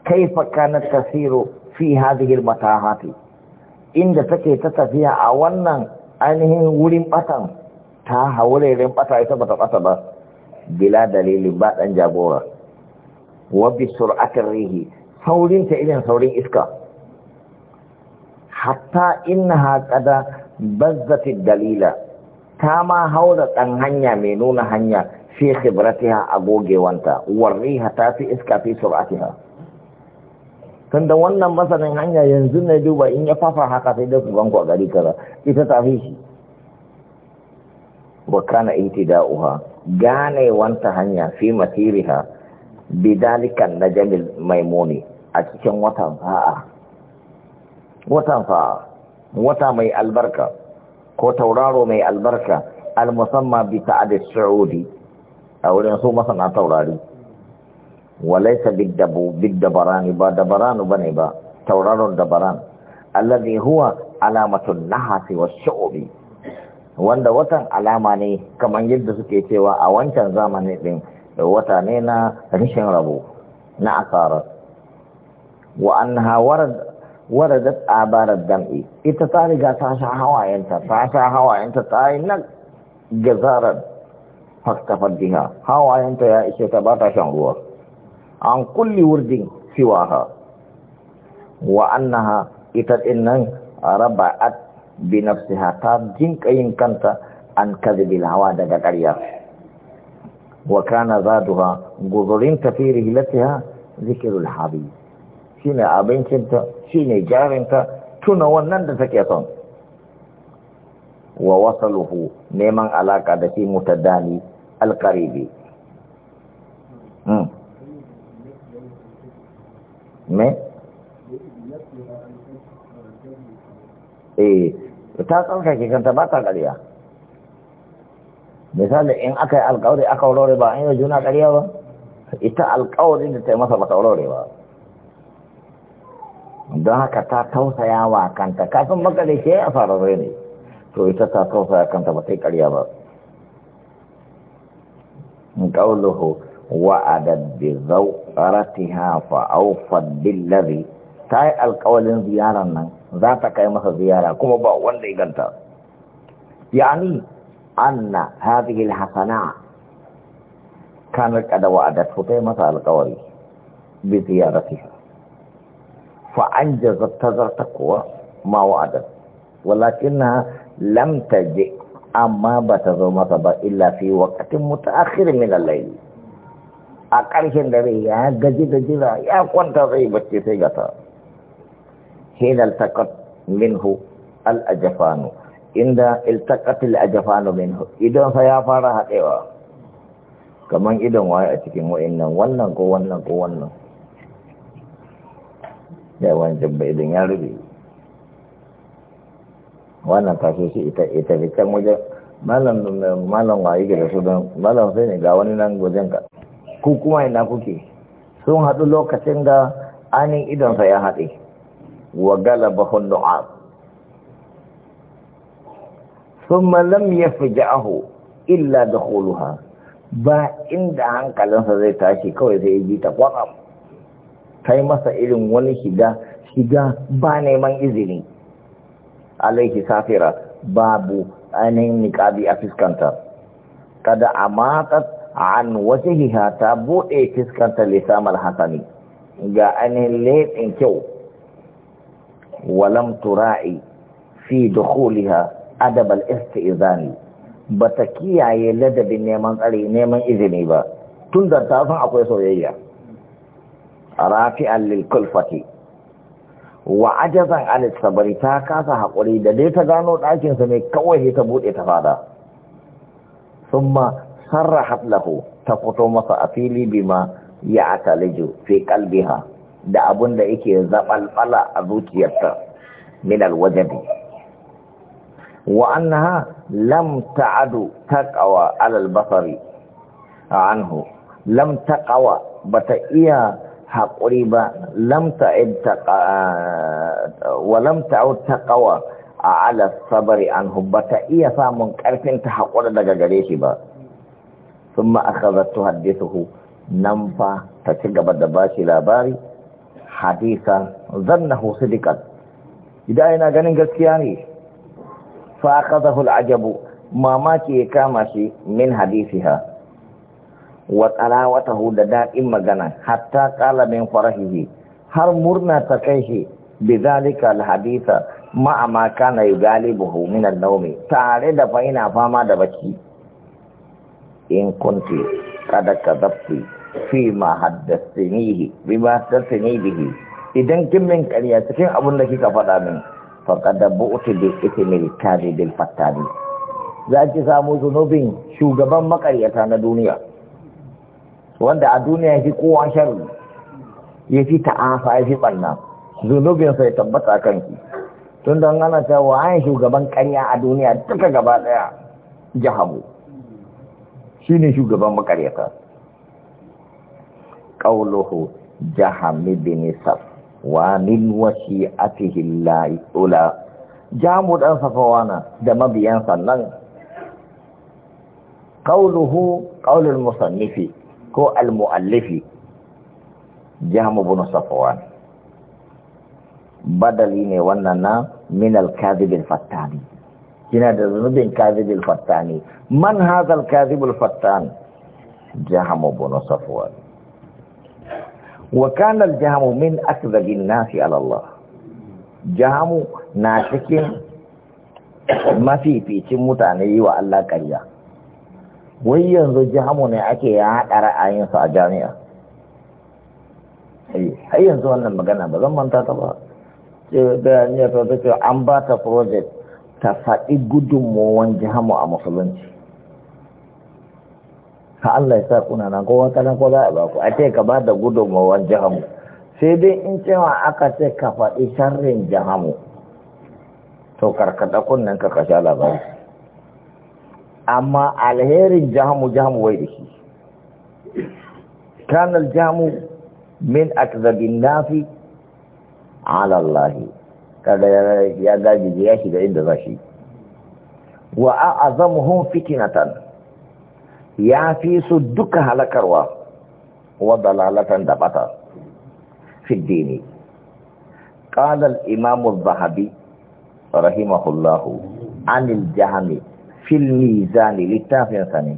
kaifa kanat tasiru fi hadhihi matahati inda take ta tafiya a wannan ainihin wurin batan ta hauraren bata ita bata bata ba bila dalili ba dan jagora wa bi rihi saurin irin saurin iska hatta inna qada bazzati dalila ta ma haura ɗan hanya mai nuna hanya fi khibratiha a gogewanta warriha ta fi iska fi sur'atiha tunda wannan masanin hanya yanzu na duba in ya fafa haka sai dai ku ganku a gari kaza ita ta fi shi wa kana ihtida'uha gane wanta hanya fi matiriha bidalikan najamil maimuni a cikin watan fa'a watan fa'a wata mai albarka ko tauraro mai albarka al-musamman bi ta'adis saudi a wurin su masana taurari walaisa biddabarani ba dabaranu bane ba tauraron dabaran alladhi huwa alamatun nahasi wa shu'ubi wanda watan alama ne kamar yadda suke cewa a wancan zamani din wata ne na rashin rabo na asarar wa an hawar abarar dam'i ita ta riga ta sha hawayenta ta sha hawayenta ta yi na gazarar fastafar hawayenta ya ishe ta ba ta shan ruwa an kulli wurdin ha wa annaha ita din nan raba'at binafsiha ta jinka yin kanta an kadhibil hawa daga ƙarya wa kana zaduha guzurin tafi rihlatiha zikrul Shi shine abincinta shine jarinta tuna wannan da take son wa wasaluhu neman alaka da shi mutaddani alqaribi hmm. me eh ta ke kanta ba ta ƙarya misali in aka yi alƙawari aka warware ba an yi juna ƙarya ba ita alƙawarin da ta yi masa ba ta warware ba don haka ta tausaya wa kanta kafin makare ke a fara ne to ita ta tausaya kanta ba ta yi ƙarya ba قوله zaurati hafa فأوفت billari ta yi alkawalin ziyarar nan za ta kai masa ziyara kuma ba wanda ya ganta yani anna hadhihi alhasana kanar kada wa'adatu ta yi masa alkawari bi ziyaratiha fa anjaza tazarta kuwa ma wa'adat walakinna lam taji amma ba ta zo masa ba illa fi waqtin mutaakhir min al-layl a ƙarshen dare ya gaji da jira ya kwanta zai bacci sai gata حين التقت منه الأجفان عند التقت الأجفان منه إذن فيافار هدئوا كمان إذن ويأتكم وإنن ونن كو ونن قو ونن da wancan bai idan ya rube wannan tashe shi ita ita fi can malam malam wa ke da su don malam sai ne ga wani nan wajen ka ku kuma ina kuke sun haɗu lokacin da anin idonsa ya haɗe Wa galabahu nu'ab ثم lam yafja'ahu illa dukhuluha ba inda hankalinsa zai tashi kawai zai ji ta kwaka. kai masa irin wani shiga shiga ba neman izini alaihi safira babu ainihin niƙabi a fiskanta kada a matat an wasu ta buɗe fiskanta lissamar hasani ga ainihin leɓin kyau walam turai fi dukhuliha adab al istizan ba ta kiyaye ladabin neman tsare neman izini ba tun da ta san akwai soyayya arafi al kulfati wa ajaza al sabri ta kasa haƙuri, da dai ta gano dakin sa ne kawai sai buɗe bude ta fada thumma sarrahat ta fito masa afili bima ya ataliju fi qalbiha da abun da yake zaɓalɓala a zuciyarta min alwajadi wa annaha lam ta'adu taqawa alal basari anhu lam taqawa bata iya haƙuri ba lam ta'id wa lam ta'ud taqawa a ala sabari an hubbata iya samun ƙarfin ta haƙura daga gare shi ba sun ma'akaza tu hu. nan fa ta ci gaba da ba shi labari hadisan zannahu sidikan idan yana ganin gaskiya ne fa akhadahu al'ajabu mamaki ya kama shi min hadisiha wa talawatahu da daɗin magana hatta qala min farahihi har murna ta kai shi bidhalika alhaditha ma ma kana yugalibuhu min an tare da faina fama da baki. in kunti kada kadabti fi ma bi ma bihi idan kin min ƙarya cikin abin da kika faɗa min faqad bu'ti bi ithmil kadhibil fattani za ki samu zunubin shugaban makaryata na duniya wanda a duniya yafi kowa sharri yafi ta'afa fi ɓanna zunubin sai tabbata kanki tun don ana cewa an shugaban ƙarya a duniya duka gaba ɗaya jihamu shine shugaban makaryata qawluhu jahami bin saf wa min wasi'atihi llahi ula jamu dan safawana da mabiyan sannan qawluhu qawlul musannifi ko al muallifi jamu bin safawan badali ne wannan na min al kadhibin fattani kina da zunubin kadhibul fattani man hadha al kadhibul fattan jahamu bin safawan wa kanal jahamu min akdhabi nasi ala Allah jahamu na cikin mafificin mutane yi wa Allah ƙarya wai yanzu jahamu ne ake haɗa ra'ayinsu a jami'a har yanzu wannan magana ba zan manta ta ba da ta ce an ba ta project ta faɗi gudunmowan jihamu a musulunci ka Allah ya sa kuna nan kowa kana ko za a baku a ce ka ba da gudunmawar jahamu sai dai in cewa aka ce ka faɗi sharrin jahamu to karkata kunnen ka kasha labari amma alherin jahamu jahamu wai da shi kanal jahamu min akzabin nafi ala Allah kada ya gajiji ya shiga inda za shi wa a'azamuhum fitinatan ya fi su duka halakarwa wa dalalatan da bata fi dini قال الإمام الذهبي رحمه الله عن الجهم في الميزان للتافع ثاني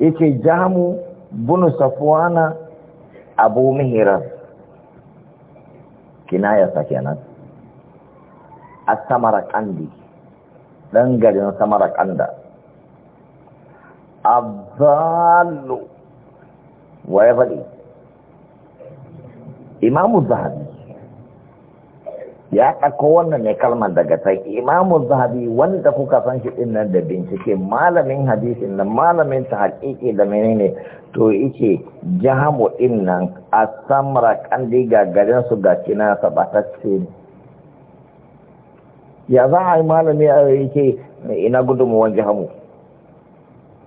يكي جهم بن صفوان أبو مهرب kinaya kenan a samarakandi ɗan garin samarakanda abdallu wa ya faɗi imamu zahabi ya ɗauko wannan ne kalmar daga ta imamu zahabi wanda kuka san shi ɗin nan da bincike malamin hadisin nan malamin ta haƙiƙi da menene to yake jihamu ɗin nan a samra kandi gagarin su ga kina sabatacce ne ya za a yi malami a yake ina gudunmuwan jihamu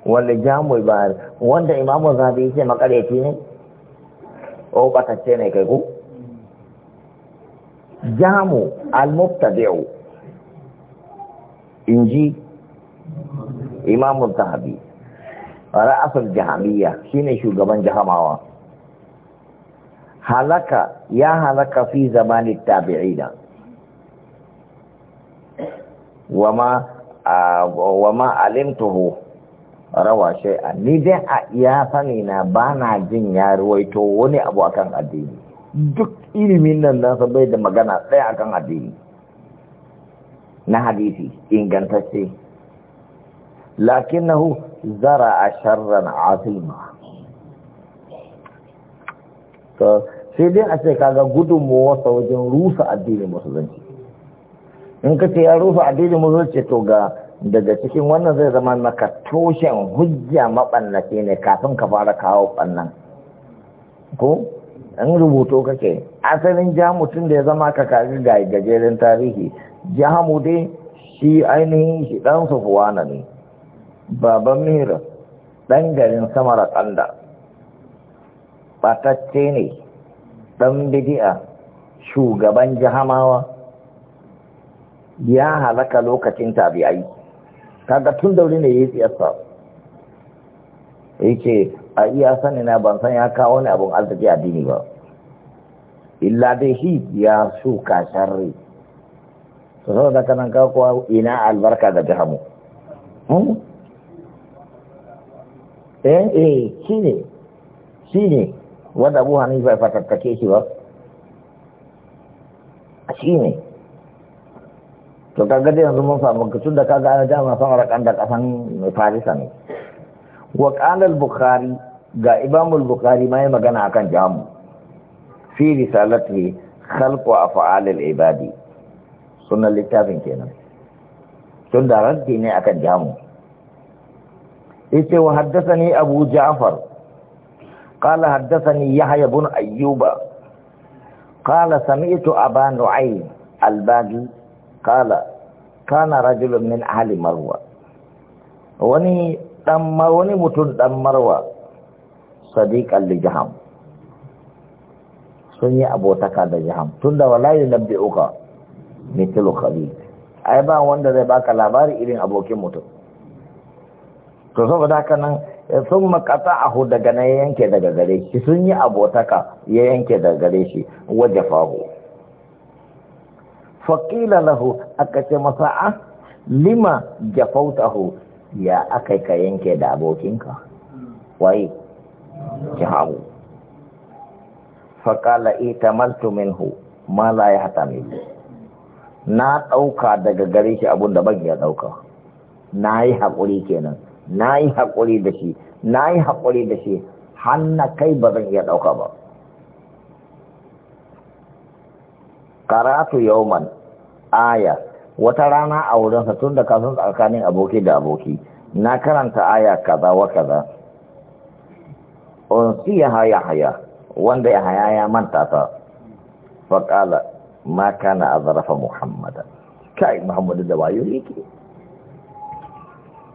wanda jamu bayar wanda imamu zabi ce makareci ne o batacce ne kai ku jamu al-mubtadi'u inji imamu zahabi ra'asul jahamiyya shine shugaban jahamawa halaka ya halaka fi zamanin tabi'ina wama wama alimtuhu rawashe a ni dai a iya sani na ba na jin ya ruwaito wani abu akan addini duk ilimin nan nasa bai da magana ɗaya akan addini na hadisi ingantacce lakinnahu zara a sharran azima sai dai a ce kaga wasa wajen rusa addinin musulunci in ka ce ya rusa addinin musulunci to ga daga cikin wannan zai zama maka toshen hujja maɓallaki ne kafin ka fara kawo ɓannan ko in rubuto kake asalin tun da ya zama ka kaji ga gajeren tarihi jamu dai shi ainihin shi ɗan sufuwana ne baban mihir ɗan garin samara ƙanda ɓatacce ne ɗan bidi'a shugaban jahamawa ya halaka lokacin tabi'ai kaga tun da wuri ne ya yi tsiyarsa yake a iya sani na ban san ya kawo ni abun arziki addini ba illa dai shi ya shuka sharri to da kanan ka ina albarka da jihamu hmm? eh eh shine shine wanda Abu Hanifa ya fatattake shi ba shine to kaga dai yanzu mun samu tun da kaga ana dama son rakan da kasan farisa ne wa qala bukhari ga imam al-bukhari ma magana akan jamu fi risalati wa af'al al-ibadi sunan littafin kenan tun da raddi ne akan jamu yace wa haddathani abu ja'far haddathani yahya ibn ayyuba. qala sami'tu aban أبا al الباقي kala kana rajulun min ahli marwa wani dan wani mutum dan marwa sadiqan li jaham sun yi abotaka da jaham tunda wallahi labbi uka mithlu khalid ai ba wanda zai baka labari irin abokin mutum to saboda haka nan sun makata ahu daga na yanke daga gare shi sun yi abotaka ya yanke daga gare shi wajafahu faƙila lahu aka ce masa a ah, lima jafautahu ya aka ka yanke da abokinka waye hau faƙala ita maltu minhu ma la ya hata na ɗauka daga gare shi abun da ban ya ɗauka na yi haƙuri kenan na yi haƙuri da shi na yi haƙuri da shi hanna kai ba zan iya ɗauka ba karatu yauman aya wata rana a wurinsa tun da kasan tsakanin aboki da aboki na karanta aya kaza wa kaza unsi ya haya haya wanda ya haya ya manta ta faƙala ma kana a zarafa muhammada kai muhammadu da wayo yake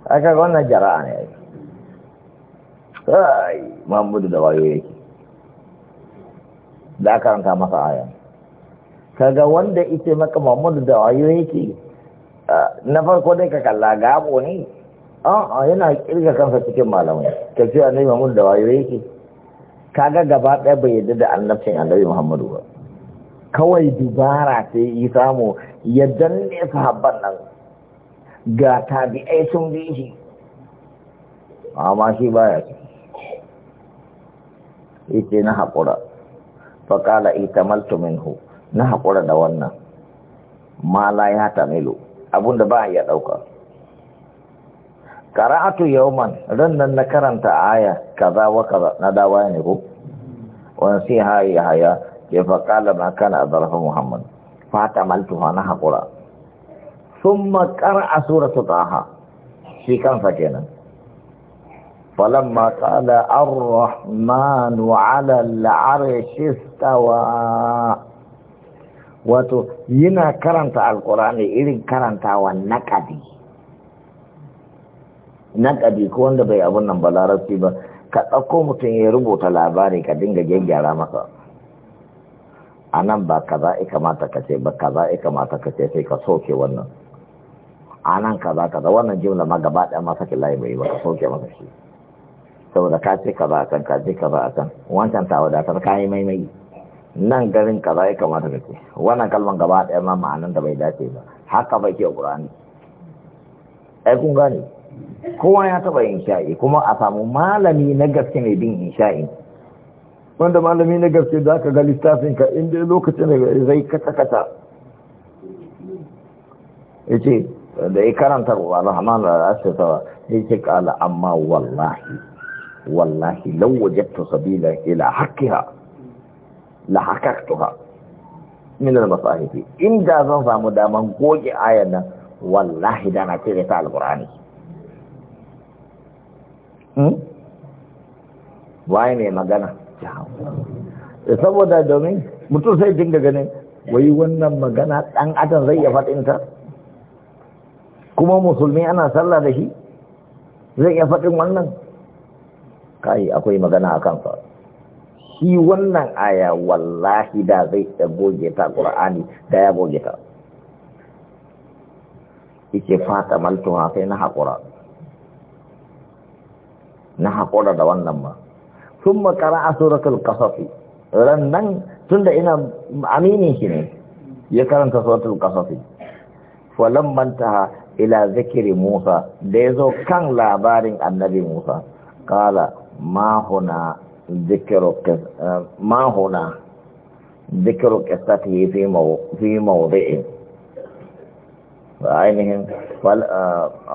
aka ga wannan jara'a ne kai muhammadu da wayo yake da karanta masa ayan kaga wanda ita maka Muhammadu da wayo yake na farko dai ka kalla gabo ne a yana kirga kansa cikin malamai ka ce annabi Muhammadu da wayo yake kaga gaba ɗaya bai yadda da annabcin annabi Muhammadu ba kawai dubara sai yi samu ya danne sahabban nan ga tabi'ai sun bi shi amma shi baya ce yace na haƙura faƙala maltumin minhu na haƙura da wannan mala ya milo. abinda ba iya ɗauka Karatu yawman ran nan na karanta aya kaza wa kaza na dawa ne ko wani sai haye haya ke faƙala ma kana a zarafin muhammad fata maltuwa na haƙura sun makar a suratu shi kansa kenan فلما قال الرحمن على العرش stawa wato yana karanta alkurani irin karantawa naƙadi naƙadi ko wanda bai abun nan balarabci ba ka ɗauko mutum ya rubuta labari ka dinga gyaggyara maka. a nan ba kaza ya kamata ka ce ba kaza ya kamata ka ce sai ka soke wannan a nan kaza kaza wannan jimla ma gaba ɗaya masa ki layi mai ba ka soke masa shi saboda ka ce kaza a kan ka ce kaza a kan wancan ta wadatar ka yi maimai nan garin kaza ya kamata ka ce wannan kalman gaba ɗaya ma ma'anan da bai dace ba haka bai ke ƙurani ai kun gane kowa ya taɓa sha'i, kuma a samu malami na gaske mai bin yin sha'i. wanda malami na gaske za ka ga littafin ka inda lokacin da zai kata kata ya ce da ya karanta na na da ashe sawa ya ce kala amma wallahi wallahi lau wajen tasabila ila hakiha lahakaktuha min al-masahifi inda zan samu daman goge ayan nan wallahi da na cire ta alqur'ani hmm waye ne magana saboda domin mutum sai dinga ganin wai wannan magana ɗan adam zai iya faɗinta kuma musulmi ana sallah da shi zai iya faɗin wannan kai akwai magana a kansa shi wannan aya wallahi da zai da goge ta ƙura'ani da ya goge ta yake fata maltuwa sai na haƙura na haƙura da wannan ba sun makara a suratul ƙasafi. rannan tun da ina aminin shi ne ya karanta suratul ƙasafi. falon manta ila zikiri musa da ya zo kan labarin annabi musa kala ma huna ذكر ما هنا ذكر قصته في مو في موضع عينهم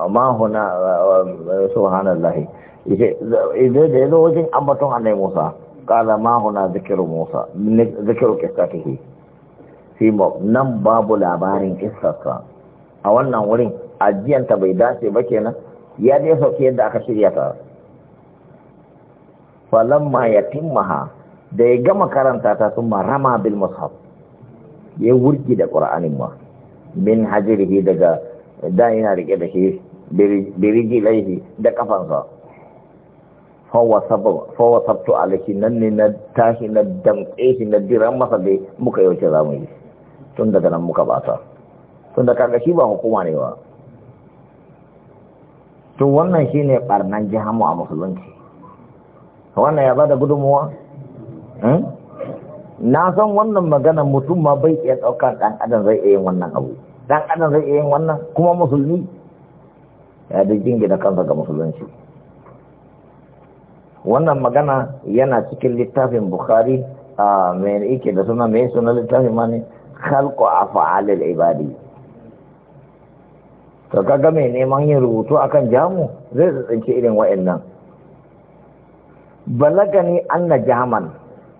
ما هنا سبحان الله إذا إذا وجه أمتهم عن موسى قال ما هنا ذكر موسى ذكر قصته في موضع نم باب لابارين قصة a wannan wurin ajiyanta bai dace ba kenan ya dai falamma timmaha da ya gama karanta ta sun rama bil mushaf ya wurgi da qur'anin ma min hajrihi daga da yana rike da shi biriji laihi da kafansa fawa sabtu alaki nan ne na tashi na damtse shi na diran masa da muka yauce za mu yi tun daga nan muka bata tun da kaga shi ba hukuma ne ba to wannan shine barnan jihamu a musulunci wannan ya bada gudunmuwa hmm? na san wannan magana mutum ma bai iya ɗaukar ɗan adam zai iya yin wannan abu ɗan adam zai iya yin wannan kuma musulmi ya da jingina kansa ga musulunci wannan magana yana cikin littafin bukhari a mai ike da suna mai suna littafin ma ne khalqu af'alil ibadi to kaga mai neman yin rubutu akan jamu zai tsinci irin wa'annan balagani anna jahaman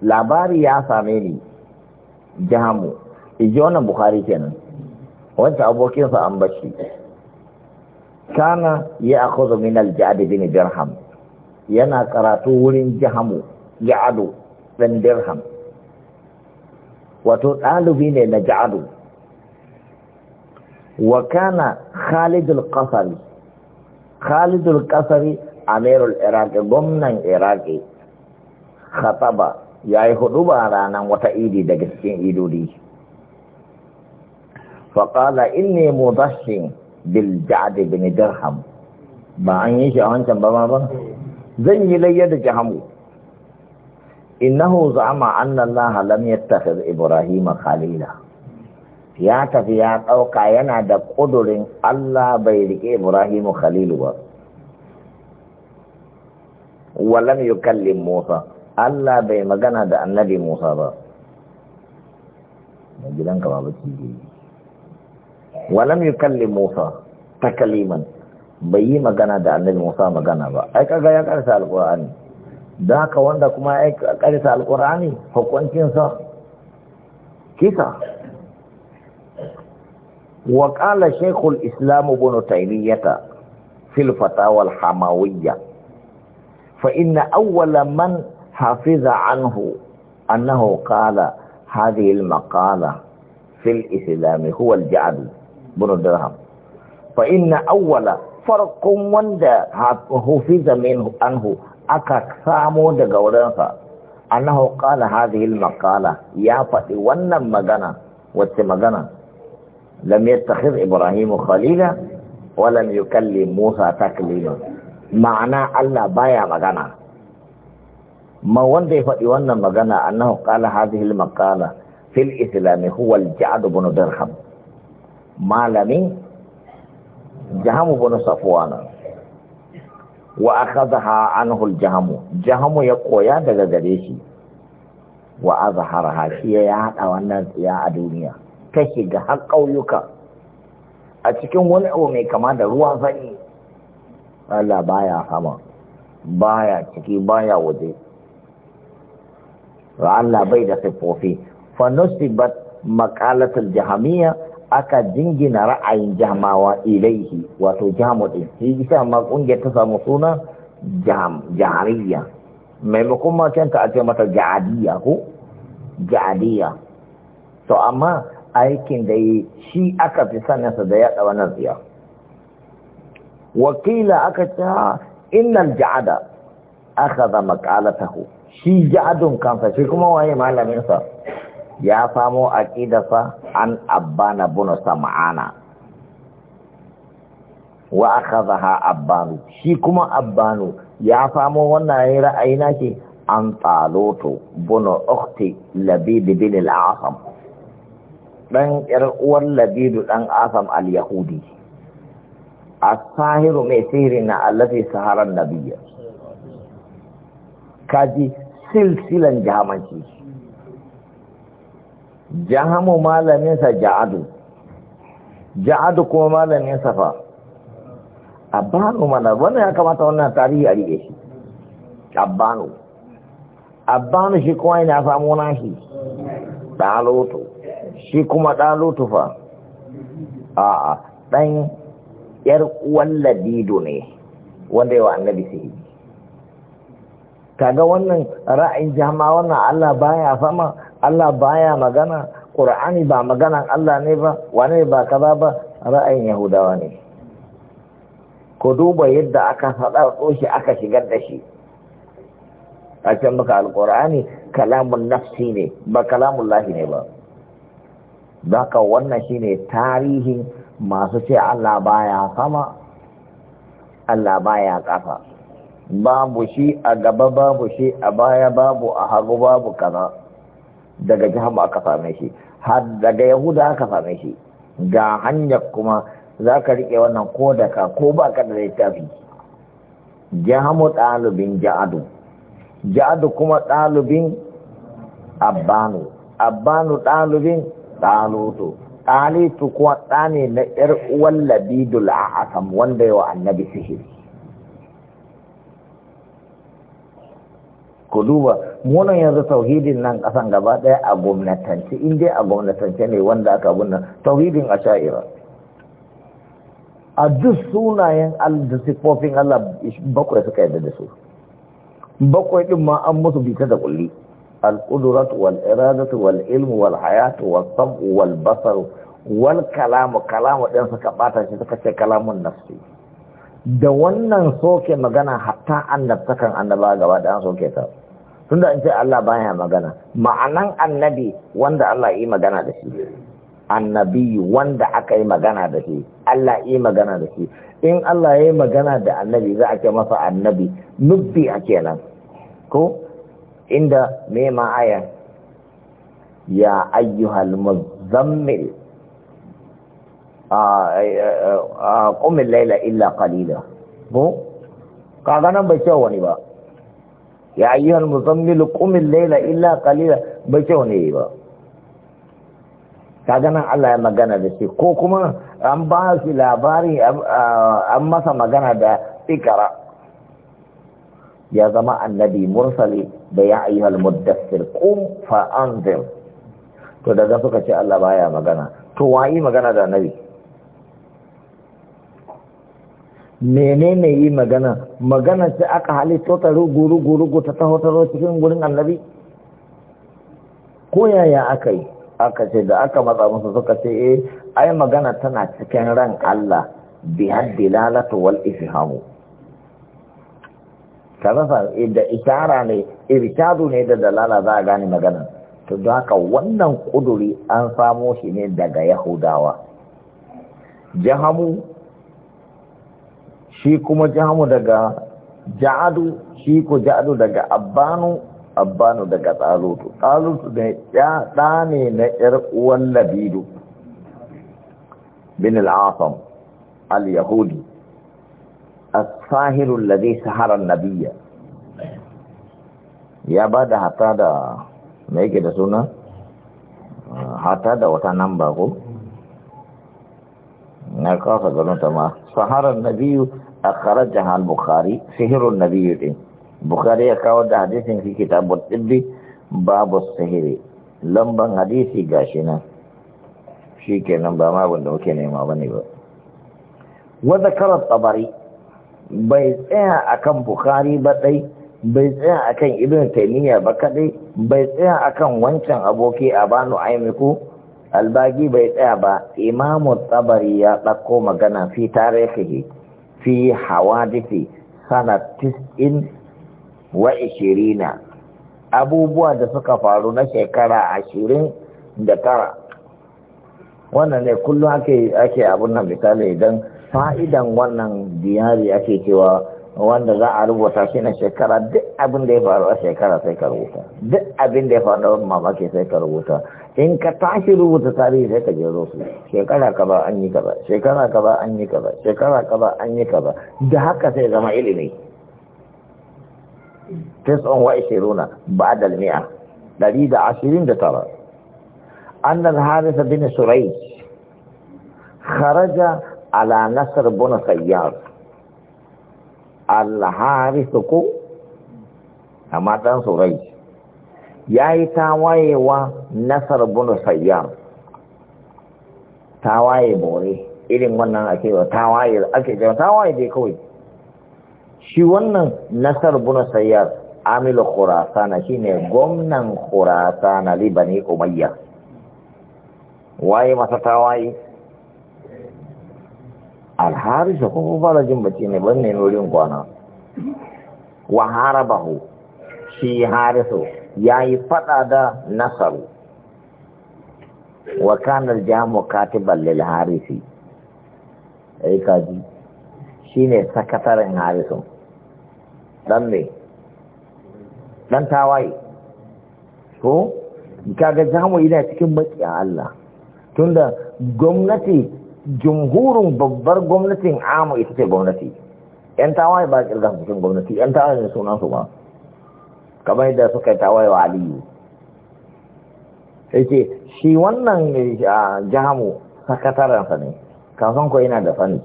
labari ya same ni jahamu iji wannan bukari kenan wancan abokinsa an bashi kana ya akhudhu min al bin dirham yana karatu wurin jahamu ja'adu bin dirham wato ɗalibi ne na ja'adu wa kana khalidul qasari khalidul qasari amirul iraki gwamnan iraki khataba ya yi hudu ba ranar wata idi daga cikin idodi in ne mu bil ja'ad bin dirham ba an yi shi a wancan ba ma ba zan yi layya da jihamu innahu za'ama anna Allah lam yattakhiz Ibrahim khalila ya tafi ya ɗauka yana da ƙudurin Allah bai riƙe Ibrahim khalilu ba walam yukallim Musa Allah bai magana da annabi Musa ba mai gidanka ba bacci walam yukallim Musa takaliman bai yi magana da annabi Musa magana ba ai kaga ya karsa alqur'ani dan haka wanda kuma ya karsa alqur'ani hukuncin sa kisa wa qala shaykhul islam ibn taymiyyah fil fatawa al hamawiyyah فإن أول من حافظ عنه أنه قال هذه المقالة في الإسلام هو الجعد بن الدرهم فإن أول فرق من حافظ منه أنه أكاك سامو دقورنفا أنه قال هذه المقالة يا فتي ونم مغنى واتمغنى لم يتخذ إبراهيم خليلا ولم يكلم موسى تكليلا ma'ana Allah baya magana ma wanda ya faɗi wannan magana annahu qala hadhihi al-maqala fil islam huwa al-ja'd ibn dirham malami jahamu ibn safwan wa akhadha anhu al-jahamu jahamu ya koya daga gare shi wa azharaha shi ya hada wannan ya a duniya ta shiga har kauyuka. a cikin wani abu mai kama da ruwan fani Allah baya hama baya ciki baya waje Allah bai da sifofi fa nusibat maqalatul jahamiyya aka jingina ra'ayin jahmawa ilaihi wato jamu din shi yasa ma kungiyar ta samu suna jam jahariya maimakon ma kanta a ce mata jadiya ko jadiya to amma aikin da shi aka fi sanin sa da ya da wannan ziyara wakila aka ce innan ja'ada akhadha maqalatahu shi ja'adun kansa shi kuma waye malaminsa. ya samo ƙidasa an abana bin sam'ana wa akhadha abanu, shi kuma abanu ya samo wannan ra'ayi nake an tsaloto bin ukhti labid bin al-asam dan yar uwar labidu ɗan asam al-yahudi asahiru mai sihiri na allafi saharan nabiya kaji silsilan jahamanci jahamu malaminsa ja'adu ja'adu kuma malaminsa fa abbanu mana wannan ya kamata wannan tarihi a riƙe shi abbanu abbanu shi kuma yana samu nashi ɗalotu shi kuma ɗalotu fa a'a ɗan ‘yar uwan ladido ne wanda yawa annabi Ka kaga wannan ra'ayin jama wannan Allah baya fama Allah baya magana Qur'ani ba maganan Allah ne ba wane ba kaza ba ra'ayin Yahudawa ne ko duba yadda aka faɗa shi aka shigar da shi a can baka alƙur'ani kalamun nafsi ne ba kalamun lahi ne ba Ba ka wannan shine tarihin masu ce Allah baya sama Allah baya kafa babu shi a gaba babu shi a baya babu a hagu babu kaza daga jihar aka same shi har daga yahuda aka same shi ga hanyar kuma za ka riƙe wannan ko da ka ko ba ka da littafi jihamu ɗalibin ja'adu ja'adu kuma ɗalibin abbanu abbanu ɗalibin ɗalutu talitu kuwa ɗa ne na ‘yar uwan labidul a'asam wanda yawa annabi sihiri ku duba munan yanzu tauhidin nan ƙasan gaba ɗaya a gwamnatance in dai a gwamnatance ne wanda aka bunna tauhidin a sha'ira a duk sunayen da Allah bakwai suka yadda da su bakwai ɗin ma an musu bita da kulli القدرة والإرادة والعلم والحياة والطبع والبصر والكلام كلام shi, suka شتكا kalamun النفسي da wannan soke magana hatta annabtakan annaba gaba da an soke ta tunda in ce Allah baya magana ma'anan annabi wanda Allah yi magana da shi annabi wanda aka yi magana da shi Allah yi magana da shi in Allah ya yi magana da annabi za a ce masa annabi nubbi a kenan ko inda me ma'ayan ya ayyuhal muzammil a ƙumin laila illa qalila bu kaga bai cewa wani ba ya ayyuhal muzammil ƙumin laila illa qalila bai cewa ne ba ka nan Allah ya magana da shi ko kuma an ba shi labari an masa magana da ikara ya zama annabi mursali da ya ayyuhal muddassir qum fa anzir to daga suka ce Allah baya magana to wayi magana da annabi menene yi magana magana ce aka halitto ta rugu rugu ta taho taro cikin gurin annabi ko yaya aka yi aka ce da aka matsa musu suka ce eh ai magana tana cikin ran Allah bi lalatu wal ifhamu ka rasa da ishara ne irshadu ne da dalala za a gane magana. to don haka wannan kuduri an samo shi ne daga yahudawa jahamu shi kuma jahamu daga ja'adu shi ko ja'adu daga abbanu abbanu daga tsalutu tsalutu ne ya ɗa ne na ƴar uwan labidu bin al'asam al-yahudi الصاهر الذي سحر nabiyya. ya ba da hata da me yake da suna hata da wata nan ba ko na kasa ganinta ma saharar nabiyu a karajan al-bukhari sihirun Nabiyyu din bukhari ya kawo da hadisin fi kitabun ɗibbi babu sihiri lamban hadisi gashi na. shi kenan ba ma abin da muke nema ba ne ba wadda karar tsabari bai tsaya akan bukari ba dai bai tsaya akan ibn taymiya ba kaɗai. bai tsaya akan wancan aboki a banu aimiku albagi bai tsaya ba imamu tsabari ya ɗakko magana fi tarihi fi hawadithi sanat tis'in wa ishirina abubuwa da suka faru na shekara ashirin da tara wannan ne kullum ake ake abun nan misali idan fa'idan wannan diyari ake cewa wanda za a rubuta shi na shekara duk abin da ya faru a shekara sai ka rubuta duk abin da ya faru da mamaki sai ka rubuta in ka tashi rubuta tarihi sai ka jero su shekara ka ba an yi kaza shekara ka ba an yi kaza shekara ka ba an yi kaza da haka sai zama ilimi on wa ishiruna ba'da al-mi'a dari da ashirin da tara annal harisa bin surai kharaja ala nasar buna sayyar الحارث كو a matan surai ya yi tawayewa nasar buna sayyar tawaye bore irin wannan ake wa tawaye ake jawa tawaye dai kawai shi wannan nasar buna sayyar amilu khurasana ne gwamnan khurasana libani umayya waye masa tawaye alharisa kuma fara jin bacci ne ban ne nurin kwana wa harabahu shi harisu ya yi fada da nasaru wa kanar jamu kati lil harisi yi kaji shi ne sakataren harisu dan ne dan tawaye ko kaga jamu yana cikin baki a Allah tunda gwamnati jumhurin babbar gwamnatin amu ita ce gwamnati yan tawaye ba kirgan cikin gwamnati yan tawaye ne sunan su ba kamar yadda suka yi tawaye wa aliyu sai ce shi wannan jamu sakatarensa ne kasan ko yana da sani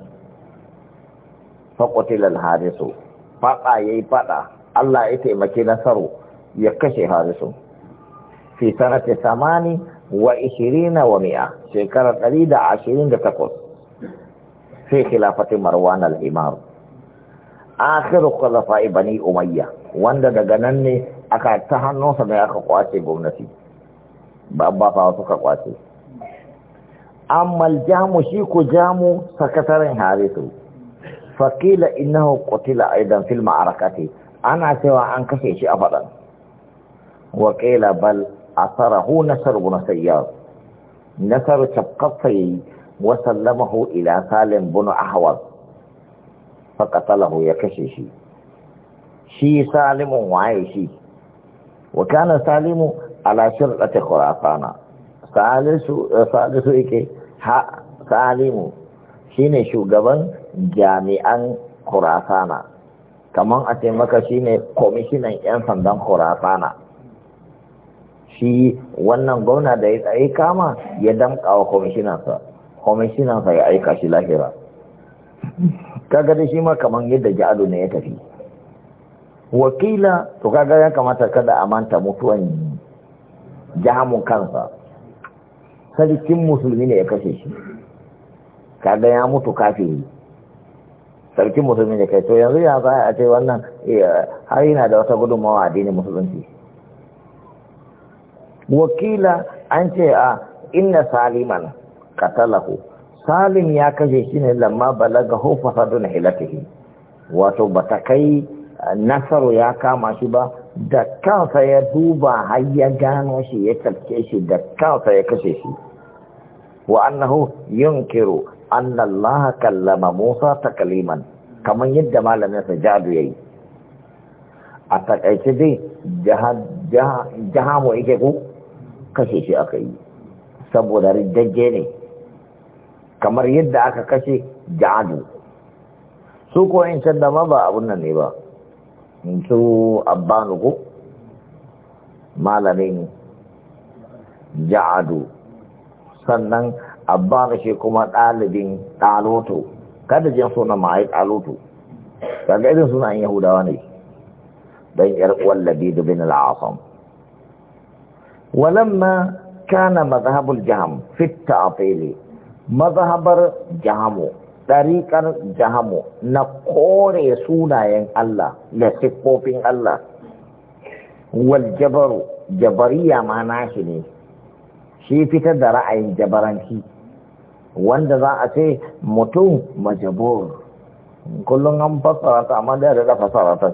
faƙotil alharisu faɗa ya yi faɗa Allah ya taimaki nasaru ya kashe harisu fi sanata samani wa ishirina wa mi'a shekarar ɗari da ashirin da takwas fi khilafatin marwan al-imar akhiru khulafa'i bani umayya wanda daga nan ne aka ta hannunsa ne aka kwace gwamnati babba fa suka kwace amma jamu shi ko jamu sakataren harisu Fakila ina qutila aidan fil ma'arakati ana cewa an kashe shi a faɗan wa qila bal asarahu nasar ibn sayyad nasar tabqafa wa sallamahu ila salim ibn ahwaz fa qatalahu ya kashe shi shi salimun waye shi wa salimu ala shirqati khurasana salisu yake salimu shine shugaban jami'an khurasana kamar a taimaka shine kwamishinan 'yan sandan khurasana shi wannan gwamna da ya tsaye kama ya damka wa kwamishinansa kwamishinansa ya aika shi lahira kaga da shi ma kamar yadda ja'adu ne ya tafi wakila to kaga ya kamata kada a manta mutuwan jahamun kansa sarkin musulmi ne ya kashe shi kaga ya mutu kafiri sarkin musulmi ne kai to yanzu ya za a ce wannan eh, har yana da wata gudunmawa addinin musulunci wakila an ce a inna saliman katalahu salim ya kashe shi ne lamma balaga hu fasadun hilatihi wato ba ta kai nasaru ya kama shi ba da kansa ya duba har ya gano shi ya tafke shi da kansa ya kashe shi wa annahu yunkiru an Allah kallama Musa takaliman kamar yadda malamin sa jadu yayi a takaice dai jaha jaha mu yake ku kashe shi aka yi saboda riddajje ne kamar yadda aka kashe ja'adu su kuwa in can dama ba abun nan ne ba su abbanu malamin malami ja'adu sannan abbanu shi kuma ɗalibin ɗaloto kada jin suna ma'ai ɗaloto daga irin suna yahudawa ne don 'yar uwan labidu bin walamma kana mazhabul jahamu fit ta'tili mazhabar jahamu dariqar jahamu na kore sunayen Allah da sifofin Allah Waljabaru, jabariya ma nashi ne shi fitar da ra'ayin jabaranci wanda za a ce mutum majabur kullum an fasara ta amma da da fasara ta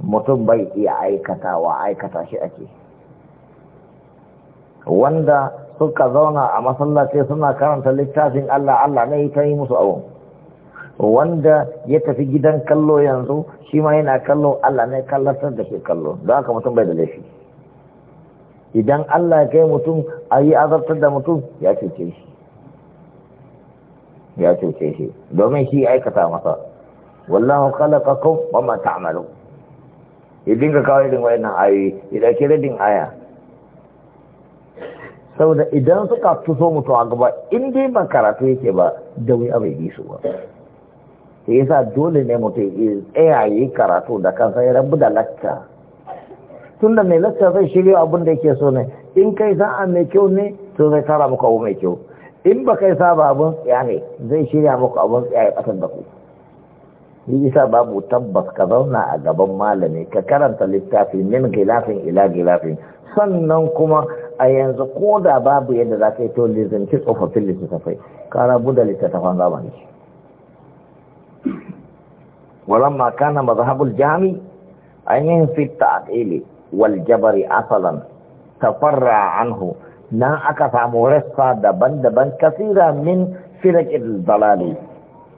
mutum bai iya aikatawa, wa aikata shi ake wanda suka zauna a masallaci suna karanta littafin Allah Allah ne ta yi musu awon wanda ya tafi gidan kallo yanzu shi ma yana kallo Allah ne kallatar da ke kallo don haka mutum bai da laifi idan Allah ya kai mutum a yi azartar da mutum ya cuce shi ya cuce shi domin shi aikata masa wallahu khalaqakum wa ma ta'malun idin ka kawai din wayannan ayoyi idan ki radin aya saboda idan suka tuso mutu a gaba in dai ban karatu yake ba da wuya bai bi su ba yi sa dole ne mutu ya tsayaye karatu da kansa ya rabu da lacca tun da mai lacca zai shirya abin da yake so ne in kai za a mai kyau ne to zai tara muku abu mai kyau in ba kai ba abin tsaya zai shirya muku abin tsaya kasar da ku yi isa babu tabbas ka zauna a gaban malami ka karanta littafi min gilafin ila gilafin sannan kuma a yanzu ko da babu yadda za ka yi to lizinci tsofaffin littattafai ka rabu da littattafan zamani walan ma na mazhabul jami ainihin fi ta'qili wal jabari asalan tafarra anhu nan aka samu rassa daban-daban kasira min firaqil dalali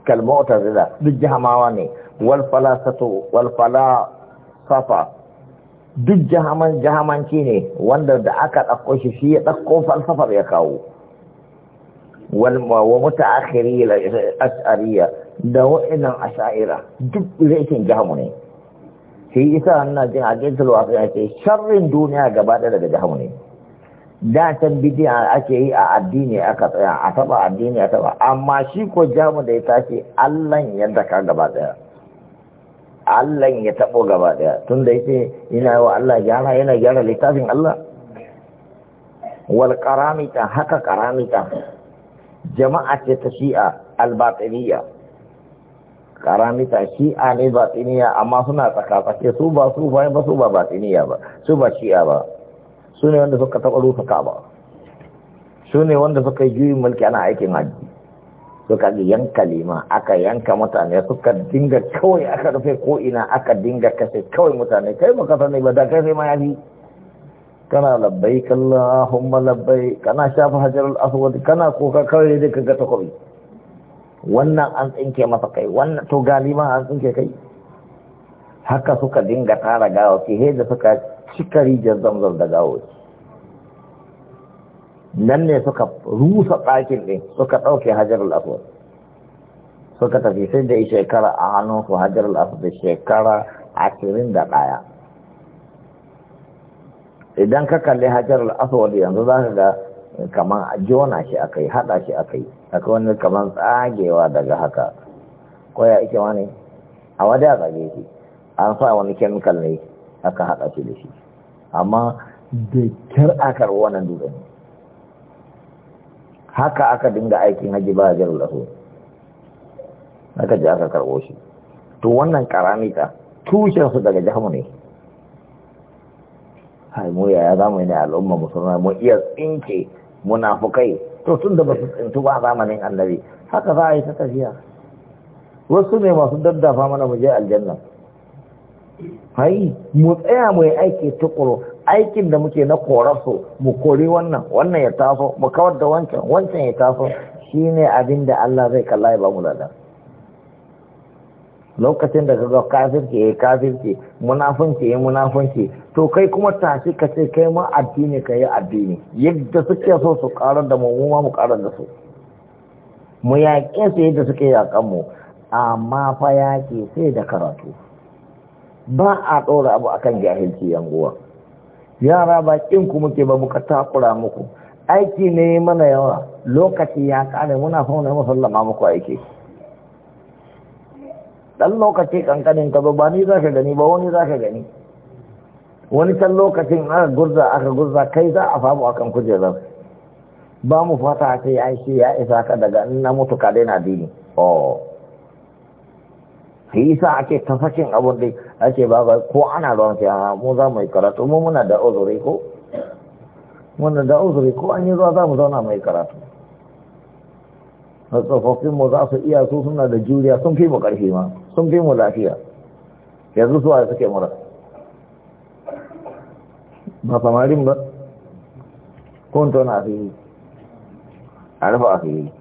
Kalmota zida duk jahamawa ne wal falasatu wal falasafa duk jahaman jahamanci ne wanda da aka ɗauko shi shi ya ɗauko falsafar ya kawo wa mutu akhiri ashariya da wa'inan asaira duk rikin jahamu ne shi isa wannan jin a gaisul wasu ya sharrin duniya gaba ɗaya daga jahamu ne da can bidiya ake yi a addini aka tsaya a taba addini a taba amma shi ko jahamu da ya tashi allan yadda ka gaba ɗaya Allah ya taɓo gaba ɗaya tun da yake yana wa Allah gyara yana gyara littafin Allah wal karamita haka karamita jama'a ce ta shi'a albatiniya karamita shi'a ne batiniya amma suna tsakatsake su ba su ba ba su ba batiniya ba su ba shi'a ba su ne wanda suka taɓa rusa ka ba su ne wanda suka yi juyin mulki ana aikin hajji suka yanka lima aka yanka mutane suka dinga kawai aka rufe ko ina aka dinga kashe kawai mutane kai mu kasa ne ba da kai sai ma yafi kana labbai kallahumma labbai kana shafa hajarul aswad kana koka kawai da kaga takobi wannan an tsinke masa kai wannan to galima an tsinke kai haka suka dinga tara gawo ki he da suka cika rijiyar zamzam da gawo nan ne suka rusa ɗakin ɗin suka ɗauke hajar al'aswad suka tafi sai da shekara a hannun su hajar da shekara ashirin da ɗaya idan ka kalli hajar al'aswad yanzu za ka ga kamar jona shi aka yi haɗa shi aka yi aka wani kamar tsagewa daga haka ko ya ike wani a wadda a zage shi an sa wani kemikal ne aka haɗa shi da shi amma da kyar akar wannan ne. haka aka dinga aikin haji ba jar lahu aka ji aka karɓo shi to wannan karamita tushen su daga jahmu ne hai mu yaya zamu ne al'umma musulma mu iya tsinke munafukai to tun da ba tsintu ba zamanin annabi haka za a yi ta tafiya wasu ne masu daddafa mana mu je aljanna hai mu tsaya mu yi aiki tukuru aikin da muke na korarsu mu kori wannan wannan ya taso mu kawar da wancan wancan ya taso shine abin da Allah zai kalla ya ba mu lada lokacin da kaga kafirci ya eh kafirci munafunci ya eh munafunci to kai kuma tashi ka ce kai ma addini ka yi addini yadda suke so su karar da mu ma mu karar da su mu yaƙe su yadda suke yaƙan mu amma fa yaƙe sai da karatu ba a ɗora abu akan jahilci yanguwa yara ba ku muke ba muka takura muku aiki ne mana yawa lokaci ya kare muna fauna musallama muku aiki dan lokaci kankanin ka ba ni za ka gani ba wani za ka gani wani can lokacin aka gurza aka gurza kai za a famu akan kujerar ba mu fata ta yi aiki ya isa ka daga na mutu ka daina dini oh shi yasa ake tafakin sakin abun ake ba ko ana ruwan sai a mu za mu yi karatu mu muna da uzuri ko muna da uzuri ko an yi zuwa za mu zauna mu yi karatu tsofaffin mu za su iya su suna da juriya sun fi mu karfi ma sun fi mu lafiya yanzu suwa suke mura ba samarin ba ko fi yi a rufe yi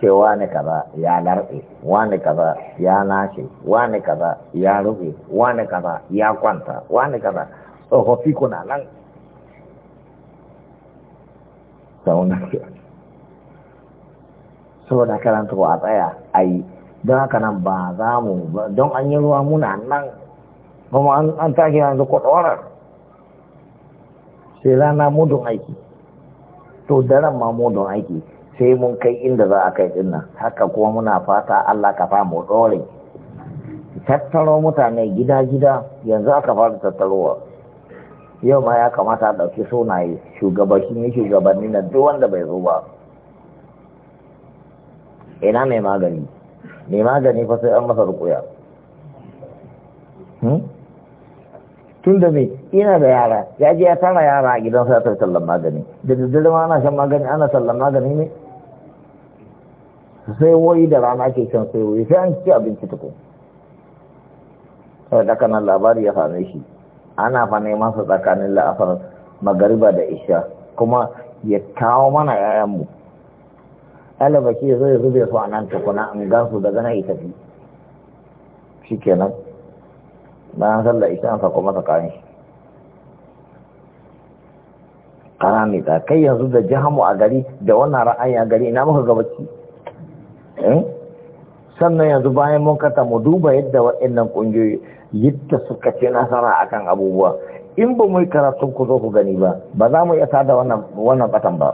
ce ne kaza ya larɗe wani kaza ya lashe wani kaza ya rufe wani kaza ya kwanta wani kaza tsofaffi kuna nan saboda karanta a tsaya a yi don haka nan ba za mu don an yi ruwa muna nan kuma an tashi yanzu kwaɗorar sai rana mudun aiki to daren ma mudun aiki sai mun kai inda za a kai dinnan haka kuma muna fata Allah ka famu dore tattaro mutane gida-gida yanzu aka fara tattarowa yau ma ya kamata a ɗauki sunaye shugabanni shugabanni na duk wanda bai zo ba ina mai magani mai magani fa sai an masa rukuya hmm? tun da mai ina da yara ya je ya tara yara a gidan sa ya magani da daddare ma ana shan magani ana sallan magani ne sai wai da rana ke can sai wai sai an ci abinci tuku sai da kanan labari ya same shi ana fa neman sa tsakanin la'afar magariba da isha kuma ya kawo mana 'ya'yanmu ɗalibaki zai zube su a nan tukuna in gansu daga nan ita tafi. shi kenan bayan sallar isha an sako masa kayan shi ta kai yanzu da jihamu a gari da wannan ra'ayi a gari ina muka gabaci Eh? sannan yanzu bayan mun kata mu duba yadda waɗannan ƙungiyoyi yadda suka ce nasara akan abubuwa in ba mu yi karatun ku zo ku gani ba ba za mu iya tada wannan batan ba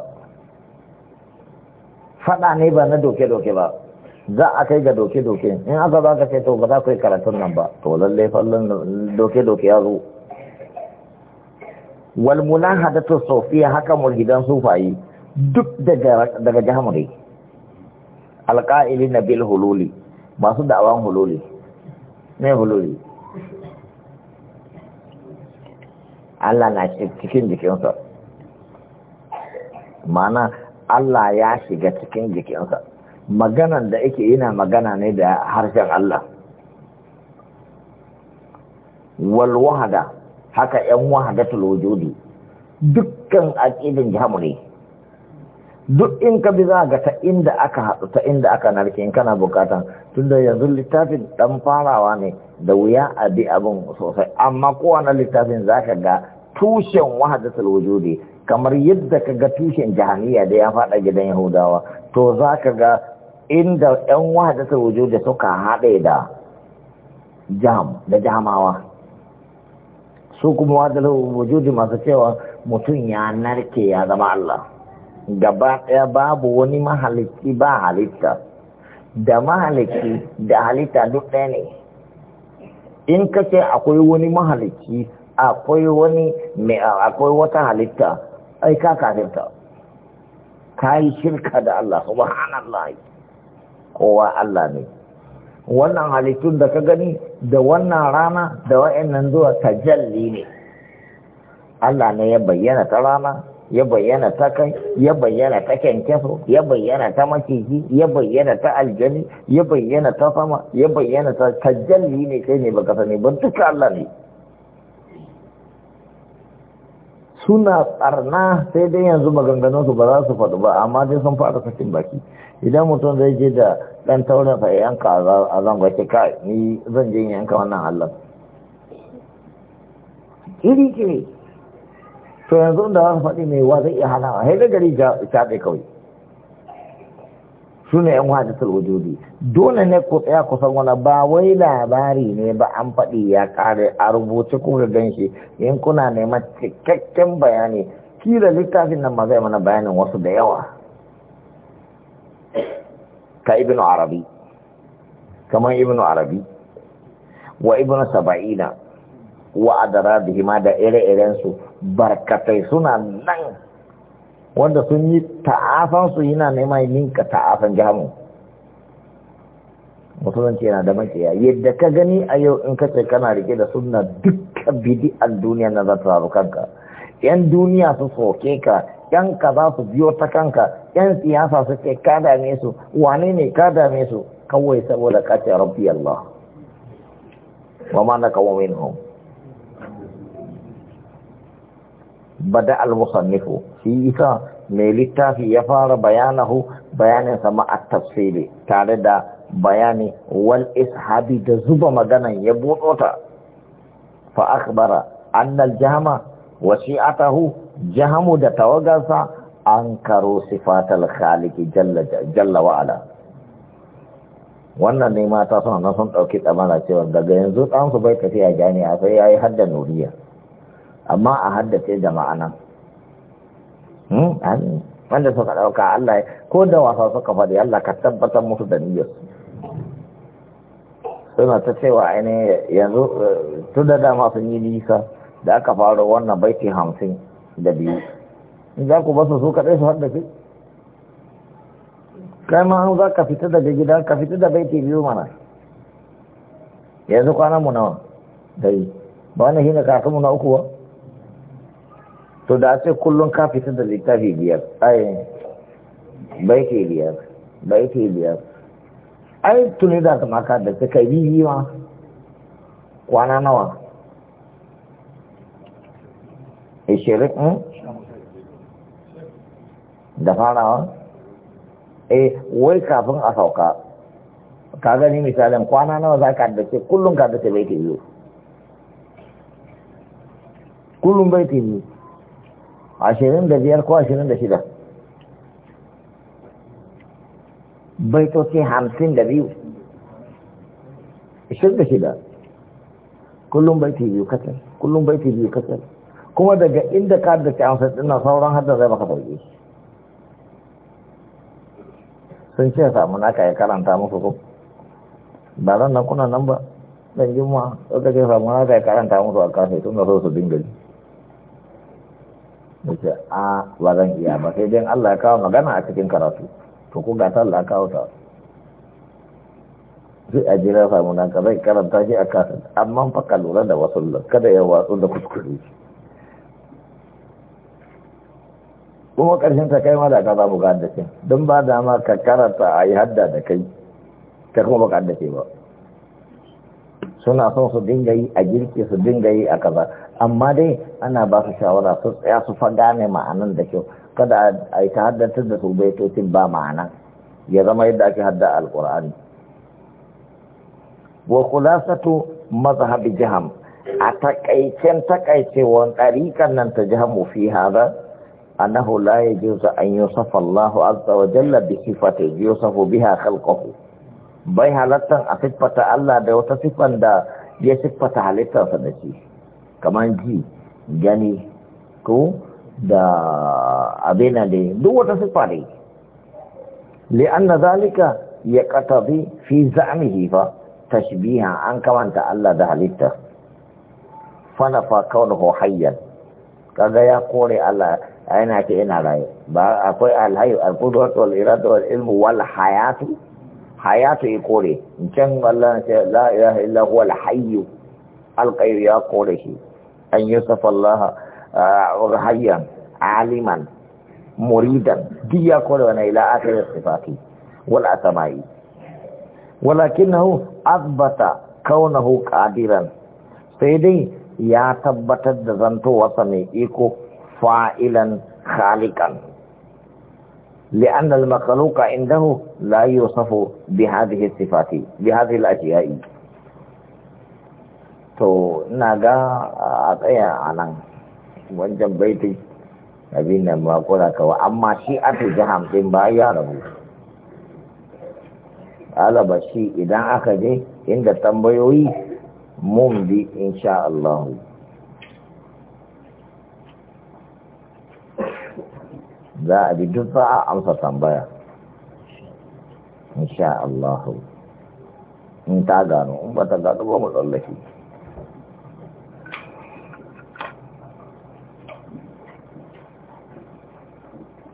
faɗa ne ba na doke-doke ba za a kai ga doke-doke in aka za ka ce to ba za ku yi karatun nan ba to lalle fallon doke-doke ya zo walmulan hadatu sofiya haka mulhidan sufayi duk daga jihar alƙa'ili na bil hululi masu da'awan hululi ne hululi Allah na cikin jikinsa mana Allah ya shiga cikin jikinsa maganan da yake yana magana ne da harshen Allah wal wahada haka ‘yan wahadatul wujudi dukkan aƙidin jamu duk in ka bi za ga ta inda aka haɗu ta inda aka narke in kana bukatan tunda yanzu littafin ɗan farawa ne da wuya a bi abin sosai amma kowane littafin za ka ga tushen wahadatul wujudi kamar yadda ka ga tushen jahaniya da ya faɗa gidan yahudawa to za ka ga inda ‘yan wahadatul wujudi suka haɗe da jam da jamawa su kuma wahadatul wujudi masu cewa mutum ya narke ya zama Allah gaba ɗaya babu wani mahalicci ba halitta da mahalicci da halitta duk ɗaya ne in ka ce akwai wani mahalicci akwai wani akwai wata halitta ai ka kafinta ka yi shirka da Allah subhanallah kowa Allah ne wannan halittun da ka gani da wannan rana da wa'annan zuwa tajalli ne Allah ne ya bayyana ta rana ya bayyana ta kai ya bayyana ta kyankyaso ya bayyana ta maciji ya bayyana ta aljani ya bayyana ta sama ya bayyana ta tajalli ne kai ne baka sani ba duka Allah ne suna tsarna sai dai yanzu maganganun su ba za su faɗu ba amma dai sun fara sakin baki idan mutum zai je da ɗan taurin sa yanka a zangwace kai ni zan je yanka wannan Allah iri kiri to yanzu da su faɗi mai wa zai iya hana wa da gari caɗe kawai su ne yan hajjatar talwajodi dole ne ku tsaya kusan wani ba wai labari ne ba an faɗi ya ƙare a rubuce kuka ga ganshi? yin kuna neman cikakken bayani kila littafin nan ma zai mana bayanin wasu da yawa ka ibnu arabi kamar ibnu arabi wa ibnu saba'ina wa adara da ire-irensu barkatai suna nan wanda sun yi su yana neman ninka ta'afan jamu musulunci yana da makiya yadda ka gani a yau in kace kana rike da sunna duka bidi'an duniya na zata kanka yan duniya su soke ka yan ka za su biyo ta kanka yan siyasa su ce ka dame su wane ne ka dame su kawai saboda ka ce rabbi Allah wa ma na kawo minhum bada al-musannifu shi isa mai littafi ya fara bayanahu bayanin sama a tafsiri tare da bayani wal ishabi da zuba maganan ya buɗo ta fa akhbara annal jahama wa shi'atahu jahamu da tawagarsa an karo sifatal khaliki jalla Wa'ala. wannan ne mata suna nan sun ɗauki tsamana cewa daga yanzu ɗansu bai tafiya jami'a sai ya yi hadda nuriya amma a haddace da ma'ana hmm? wanda suka ɗauka Allah ko da wasa suka faɗi Allah ka tabbatar musu da niyyar suna ta cewa ne yanzu tun da dama sun yi nisa da aka faru wannan baiti hamsin da biyu za ku basu su kaɗai su haddace kai ma an za ka fita daga gida ka fita da baiti biyu mana yanzu kwanan mu nawa dai ba wani shi ne kafin mu na uku ba to da sai kullum ka fita da littafi biyar ai bai ke biyar bai ke biyar ai tuni da ka maka da suka yi ma kwana nawa ishirin hmm? da farawa E wai kafin a sauka ka gani misalin kwana nawa za ka haddace kullum ka bai ke biyu kullum bai ke biyu ashirin da biyar ko ashirin da shida baitoci hamsin da biyu ashirin da shida kullum baiti biyu kasar kullum baiti biyu kasar kuma daga inda ka da amsa na sauran har da zai baka dauke sun ce samu naka ya karanta muku ko ba ran nan kuna nan ba dan jimma ka ce samu naka ya karanta muku a kafin tun da so su dinga ji ce a ba zan iya ba sai dai Allah ya kawo magana a cikin karatu to ku ga Allah ya kawo ta sai a jira fa mun ka zai karanta shi a kasan amma fa ka lura da wasu kada ya watsu da kuskure kuma karshen ta kai ma da ka ba mu gada ce don ba dama ka karanta ai hadda da kai ka kuma ba ka ce ba suna son su dinga yi a girki su dinga yi a kaza amma dai ana ba su shawara su tsaya su fa gane ma'anan da kyau kada a yi ta haddata da su baitocin ba ma'ana ya zama yadda ake hadda alkur'ani wa khulasatu mazhabi jiham a takaicen takaicewan ɗariƙar nan ta jihamu fi hada annahu la yajuzu an yusafa Allah azza wa jalla bi sifati yusafu biha khalqahu bai halartan a siffata Allah da wata siffan da ya siffata halittarsa da shi kamar ji gani ko da abin da duk wata siffa ne li'anna zalika ya qatabi fi za'mihi fa tashbiha an kamanta Allah da halitta fanafa kaunuhu hayyan kaga ya kore Allah yana ce ina raye ba akwai alhayu alqudrat wal irada wal ilmu wal hayatu hayatu ya kore can Allah ya ce la ilaha illa huwa al hayyu alqayyu ya kore shi أن يصف الله آه، حيا عالما مريدا دي يقولون إلى آخر الصفات والأسماء ولكنه أثبت كونه قادرا سيدي يا تبت الزنت وصمي إيكو فاعلا خالقا لأن المخلوق عنده لا يوصف بهذه الصفات بهذه الأشياء to ina ga a tsaya a nan wajen baiti abin nan ba kura kawa amma shi ake ji hamsin ba ya rabu alaba shi idan aka je inda tambayoyi mun bi insha Allah za a bi duk sa'a amsa tambaya insha Allah in ta gano in ba ta gano ba mu tsallake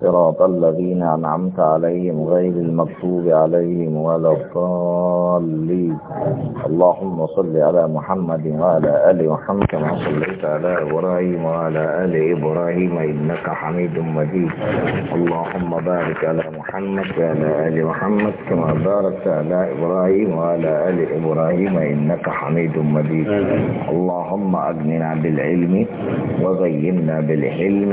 صراط الذين أنعمت عليهم غير المكتوب عليهم ولا الضالين اللهم صل على محمد وعلى آل محمد كما صليت على إبراهيم وعلى آل إبراهيم إنك حميد مجيد اللهم بارك على محمد وعلى آل محمد كما باركت على إبراهيم وعلى آل إبراهيم إنك حميد مجيد اللهم أجننا بالعلم وزينا بالحلم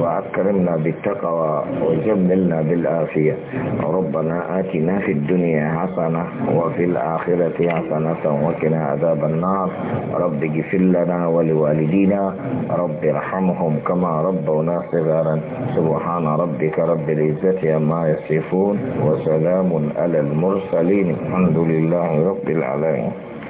وأكرمنا بالتقوى وجملنا بالآخية ربنا آتنا في الدنيا حسنة وفي الآخرة حسنة وكنا عذاب النار رب اغفر لنا ولوالدينا رب ارحمهم كما ربونا صغارا سبحان ربك رب العزة عما يصفون وسلام على المرسلين الحمد لله رب العالمين